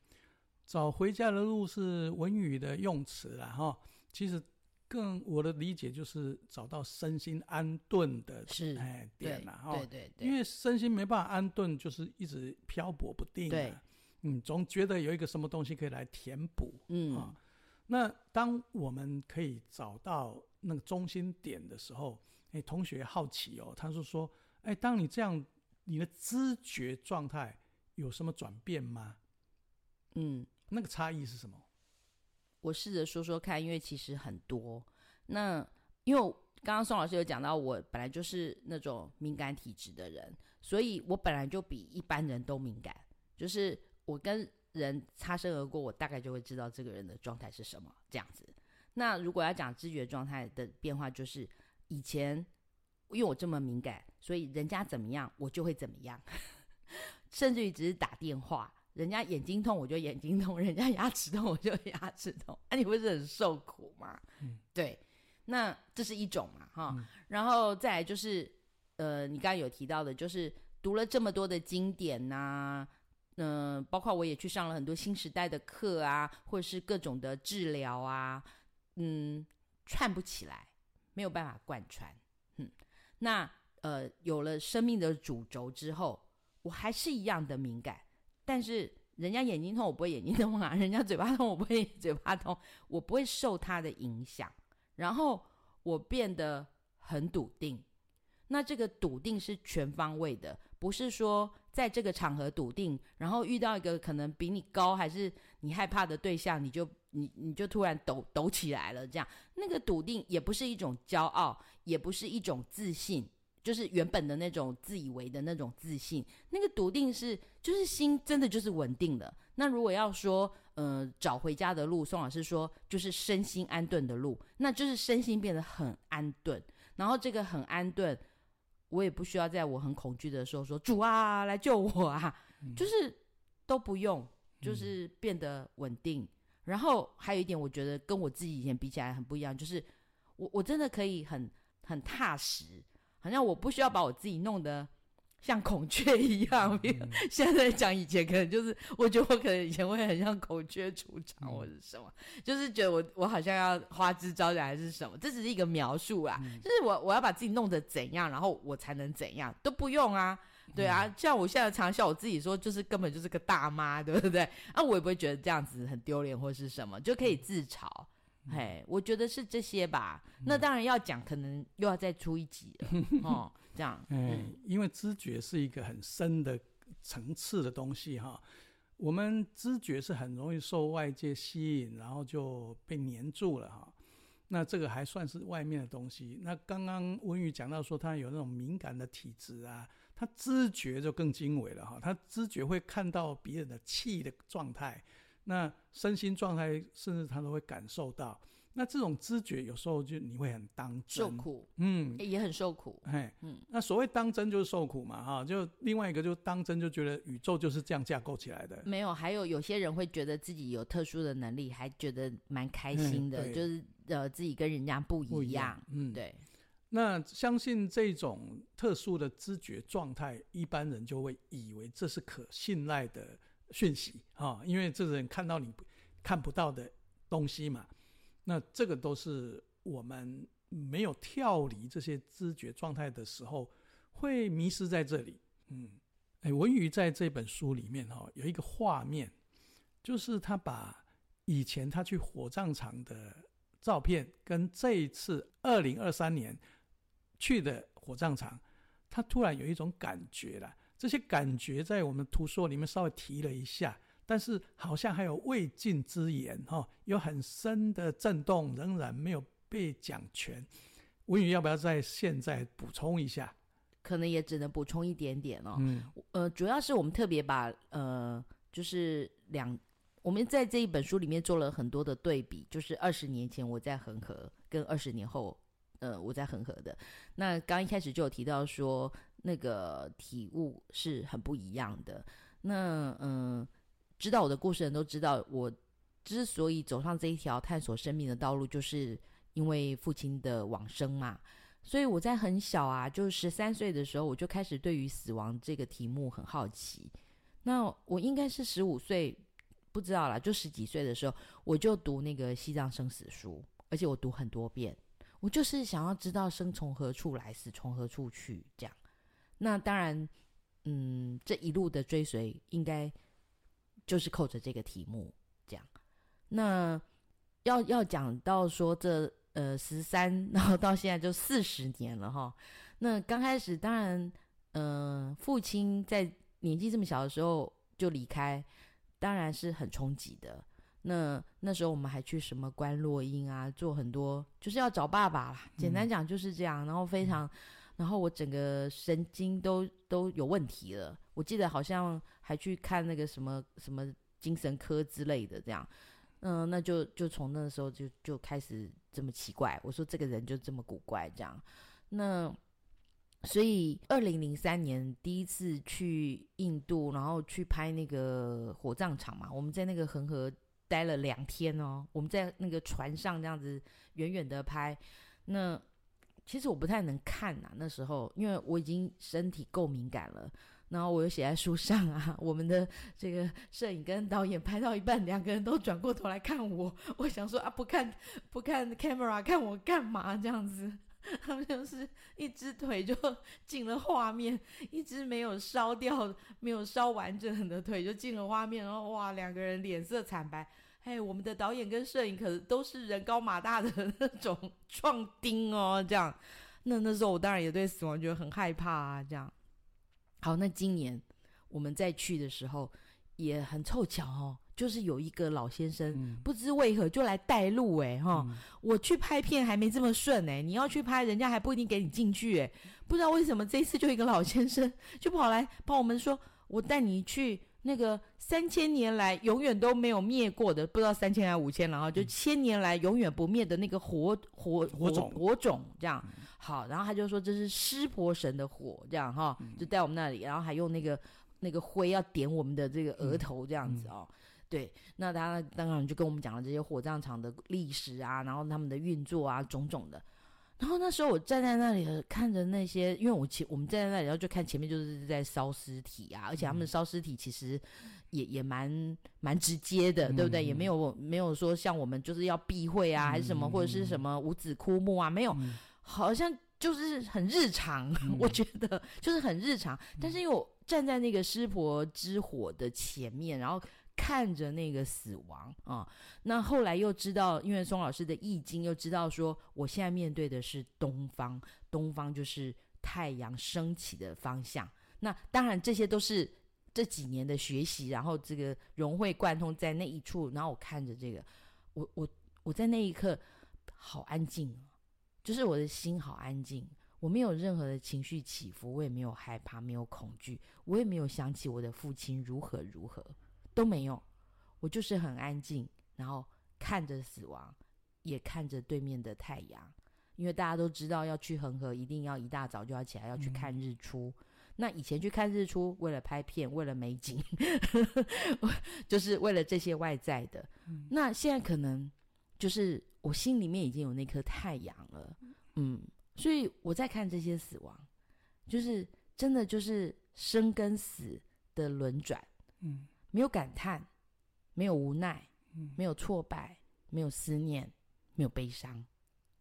[SPEAKER 1] 找回家的路
[SPEAKER 2] 是文瑜的用詞了哈。其實更我的理解就是找到身心安頓的哎點嘛哈。對對對，因為身心沒辦法安頓，就是一直漂泊不定啊，的。嗯，總覺得有一個什麼東西可以來填補。嗯，那當我們可以找到那個中心點的時候。哎、欸，同學好奇哦，他是說，說，哎、欸，當你這樣，你的知覺狀態有什麼轉變嗎？嗯，那個差異是什麼？
[SPEAKER 1] 我試着說說看，因為其實很多。那因為剛剛宋老師有講到，我本來就是那種敏感體質的人，所以我本來就比一般人都敏感。就是我跟人擦身而過，我大概就會知道這個人的狀態是什麼，這樣子。那如果要講知覺狀態的變化，就是。以前，因為我這麼敏感，所以人家怎麼樣，我就會怎麼樣， 甚至於只是打電話，人家眼睛痛，我就眼睛痛；人家牙齒痛，我就牙齒痛。那、啊、你不是很受苦嗎？嗯，對。那這是一種嘛，哈、嗯。然後再來就是，呃，你剛剛有提到的，就是讀了這麼多的經典吶、啊，嗯、呃，包括我也去上了很多新時代的課啊，或者是各種的治療啊，嗯，串不起來。沒有辦法貫穿，嗯，那、呃，有了生命的主軸之後，我還是一樣的敏感，但是人家眼睛痛我不會眼睛痛啊，人家嘴巴痛我不會嘴巴痛，我不會受他的影響，然後我變得很篤定，那這個篤定是全方位的。不是說在這個場合篤定，然後遇到一個可能比你高還是你害怕的對象，你就你你就突然抖抖起來了。這樣，那個篤定也不是一種驕傲，也不是一種自信，就是原本的那種自以為的那種自信。那個篤定是就是心真的就是穩定的。那如果要說嗯、呃、找回家的路，松老師說就是身心安頓的路，那就是身心變得很安頓，然後這個很安頓。我也不需要在我很恐懼的時候說主啊，來救我啊，就是都不用，就是變得穩定。然後還有一點，我覺得跟我自己以前比起來很不一樣，就是我我真的可以很很踏實，好像我不需要把我自己弄得。像孔雀一樣，嗯、現在講以前可能就是，我覺得我可能以前會很像孔雀出場或者什麼，嗯，就是覺得我我好像要花枝招展還是什麼，這只是一個描述啊，嗯、就是我我要把自己弄得怎樣，然後我才能怎樣都不用啊，對啊，嗯、像我現在常笑我自己說，就是根本就是個大媽，對不對？啊，我也不會覺得這樣子很丟臉或者是什麼，就可以自嘲。嗯、嘿、嗯，我覺得是這些吧。嗯、那當然要講，可能又要再出一集了哦。嗯嗯 這樣嗯，嗯，
[SPEAKER 2] 因為知覺是一個很深的層次的東西哈，我們知覺是很容易受外界吸引，然後就被黏住了哈。那這個還算是外面的東西。那剛剛文瑜講到說，他有那種敏感的體質啊，他知覺就更精微了哈，他知覺會看到別人的氣的狀態，那身心狀態，甚至他都會感受到。那這種知覺有時候就你會很當真，受苦，嗯，
[SPEAKER 1] 也很受苦，
[SPEAKER 2] 哎，嗯，那所謂當真就是受苦嘛，哈、哦，就另外一個就是當真就覺得宇宙就是這樣架構起來的，
[SPEAKER 1] 沒有，還有有些人會覺得自己有特殊的能力，還覺得蠻開心的，嗯、對，就是呃自己跟人家不一樣，嗯，對嗯。
[SPEAKER 2] 那相信這種特殊的知覺狀態，一般人就會以為這是可信賴的訊息哈、哦，因為這個人看到你看不到的東西嘛。那這個都是我們沒有跳離這些知覺狀態的時候，會迷失在這裡。嗯，哎，文瑜在這本書裡面哈、哦，有一個畫面，就是他把以前他去火葬場的照片，跟這一次二零二三年去的火葬場，他突然有一種感覺了。這些感覺在我們圖說裡面稍微提了一下。但是好像還有未盡之言，哈、哦，有很深的震動仍然沒有被講全。文瑜要不要
[SPEAKER 1] 在現在補充一下、嗯？可能也只能補充一點點哦。嗯，呃，主要是我們特別把呃，就是兩我們在這一本書裡面做了很多的對比，就是二十年前我在恆河跟二十年後，呃，我在恆河的那，剛一開始就有提到說，那個體悟是很不一樣的。那嗯。呃知道我的故事人都知道，我之所以走上這一條探索生命的道路，就是因為父親的往生嘛。所以我在很小啊，就十三歲的時候，我就開始對於死亡這個題目很好奇。那我應該是十五歲，不知道啦，就十幾歲的時候，我就讀那個西藏生死書，而且我讀很多遍，我就是想要知道生從何處來，死從何處去這樣。那當然，嗯，這一路的追隨應該。就是扣着這個題目這樣，那要要講到說這呃十三，13，然後到現在就四十年了哈。那剛開始當然，嗯、呃，父親在年紀這麼小的時候就離開，當然是很衝擊的。那那時候我們還去什麼觀落陰啊，做很多，就是要找爸爸啦。簡單講就是這樣，嗯、然後非常。嗯然後我整個神經都都有問題了，我記得好像還去看那個什麼什麼精神科之類的，這樣，嗯、呃，那就就從那時候就就開始這麼奇怪。我說這個人就這麼古怪這樣，那所以二零零三年第一次去印度，然後去拍那個火葬場嘛，我們在那個恆河待了兩天哦，我們在那個船上這樣子遠遠的拍，那。其實我不太能看吶、啊，那時候因為我已經身體夠敏感了，然後我又寫在書上啊。我們的這個攝影跟導演拍到一半，兩個人都轉過頭來看我，我想說啊，不看不看 camera，看我幹嘛這樣子？他們就是一隻腿就進了畫面，一隻沒有燒掉、沒有燒完整的腿就進了畫面，然後哇，兩個人臉色慘白。哎、hey，我們的導演跟攝影可都是人高馬大的那種壯丁哦，這樣。那那時候我當然也對死亡覺得很害怕啊，這樣。好，那今年我們再去的時候也很湊巧哦，就是有一個老先生、嗯、不知為何就來帶路哎哈、哦嗯。我去拍片還沒這麼順哎，你要去拍人家還不一定給你進去哎。不知道為什麼這次就一個老先生就跑來幫我們說，我帶你去。那個三千年來永遠都沒有滅過的，不知道三千還五千，然後就千年來永遠不滅的那個火火火種火種，這樣、嗯、好，然後他就說，這是濕婆神的火，這樣哈，就在我們那裡、嗯，然後還用那個那個灰要點我們的這個額頭，嗯、這樣子哦、嗯，對，那他當然就跟我們講了這些火葬場的歷史啊，然後他們的運作啊，種種的。然後那時候我站在那裡看着那些，因為我前我們站在那裡，然後就看前面就是在燒屍體啊，嗯、而且他們燒屍體其實也也蠻蠻直接的、嗯，對不對？也沒有沒有說像我們就是要避諱啊，嗯、還是什麼或者是什麼五子哭墓啊，沒有、嗯，好像就是很日常，嗯、 我覺得就是很日常。嗯、但是因為我站在那個濕婆之火的前面，然後。看着那個死亡啊、嗯，那後來又知道，因為松老師的易經又知道說，我現在面對的是東方，東方就是太陽升起的方向。那當然這些都是這幾年的學習，然後這個融會貫通在那一處，然後我看着這個，我我我在那一刻好安靜，就是我的心好安靜，我沒有任何的情緒起伏，我也沒有害怕，沒有恐懼，我也沒有想起我的父親如何如何。都沒有，我就是很安靜，然後看着死亡，也看着對面的太陽，因為大家都知道要去恆河，一定要一大早就要起來要去看日出，嗯。那以前去看日出，為了拍片，為了美景，嗯， 就是為了這些外在的，嗯。那現在可能就是我心裡面已經有那顆太陽了，嗯，所以我在看這些死亡，就是真的就是生跟死的輪轉，嗯。沒有感嘆，沒有無奈，嗯、沒有挫敗，沒有思念，沒有悲傷。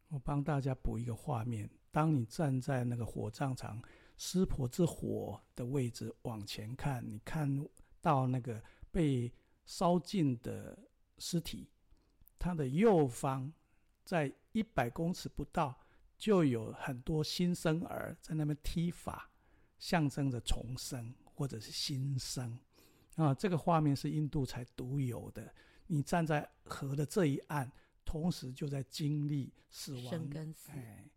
[SPEAKER 1] 我幫大家補一個畫面：當
[SPEAKER 2] 你站在那個火葬場“濕婆之火”的位置往前看，你看到那個被燒盡的屍體，它的右方在一百公尺不到，就有很多新生兒在那邊剃髮，象徵着重生或者是新生。啊，這個畫面是印度才獨有的。你站在河的這一岸，同時就在經歷死亡，生跟死哎，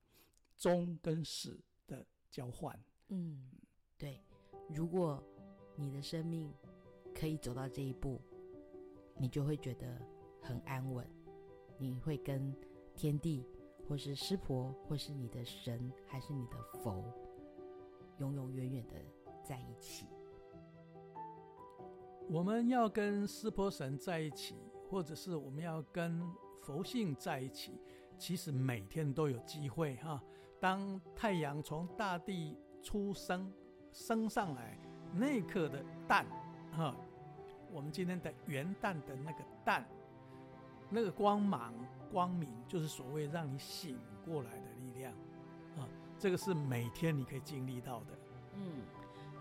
[SPEAKER 2] 終
[SPEAKER 1] 跟死的交換。嗯，對。如果你的生命可以走到這一步，你就會覺得很安穩。你會跟天地，或是濕婆，或是你的神，還是你的佛，永永遠遠的在一起。
[SPEAKER 2] 我們要跟濕婆神在一起，或者是我們要跟佛性在一起，其實每天都有機會哈、啊。當太陽從大地出生升上來，那一刻的旦，哈、啊，我們今天的元旦的那個旦，那個光芒光明，就是所謂讓你醒過來的力量啊。
[SPEAKER 1] 這個是每天你可以經歷到的，嗯。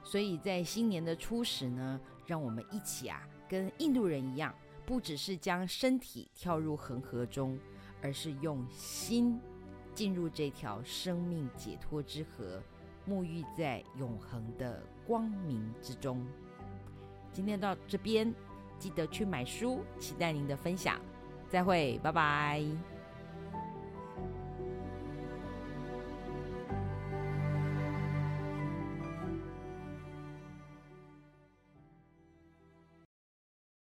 [SPEAKER 1] 所以在新年的初始呢，讓我們一起啊，跟印度人一樣，不只是將身體跳入恆河中，而是用心進入這條生命解脫之河，沐浴在永恆的光明之中。今天到這邊，記得去買書，期待您的分享。再會，拜拜。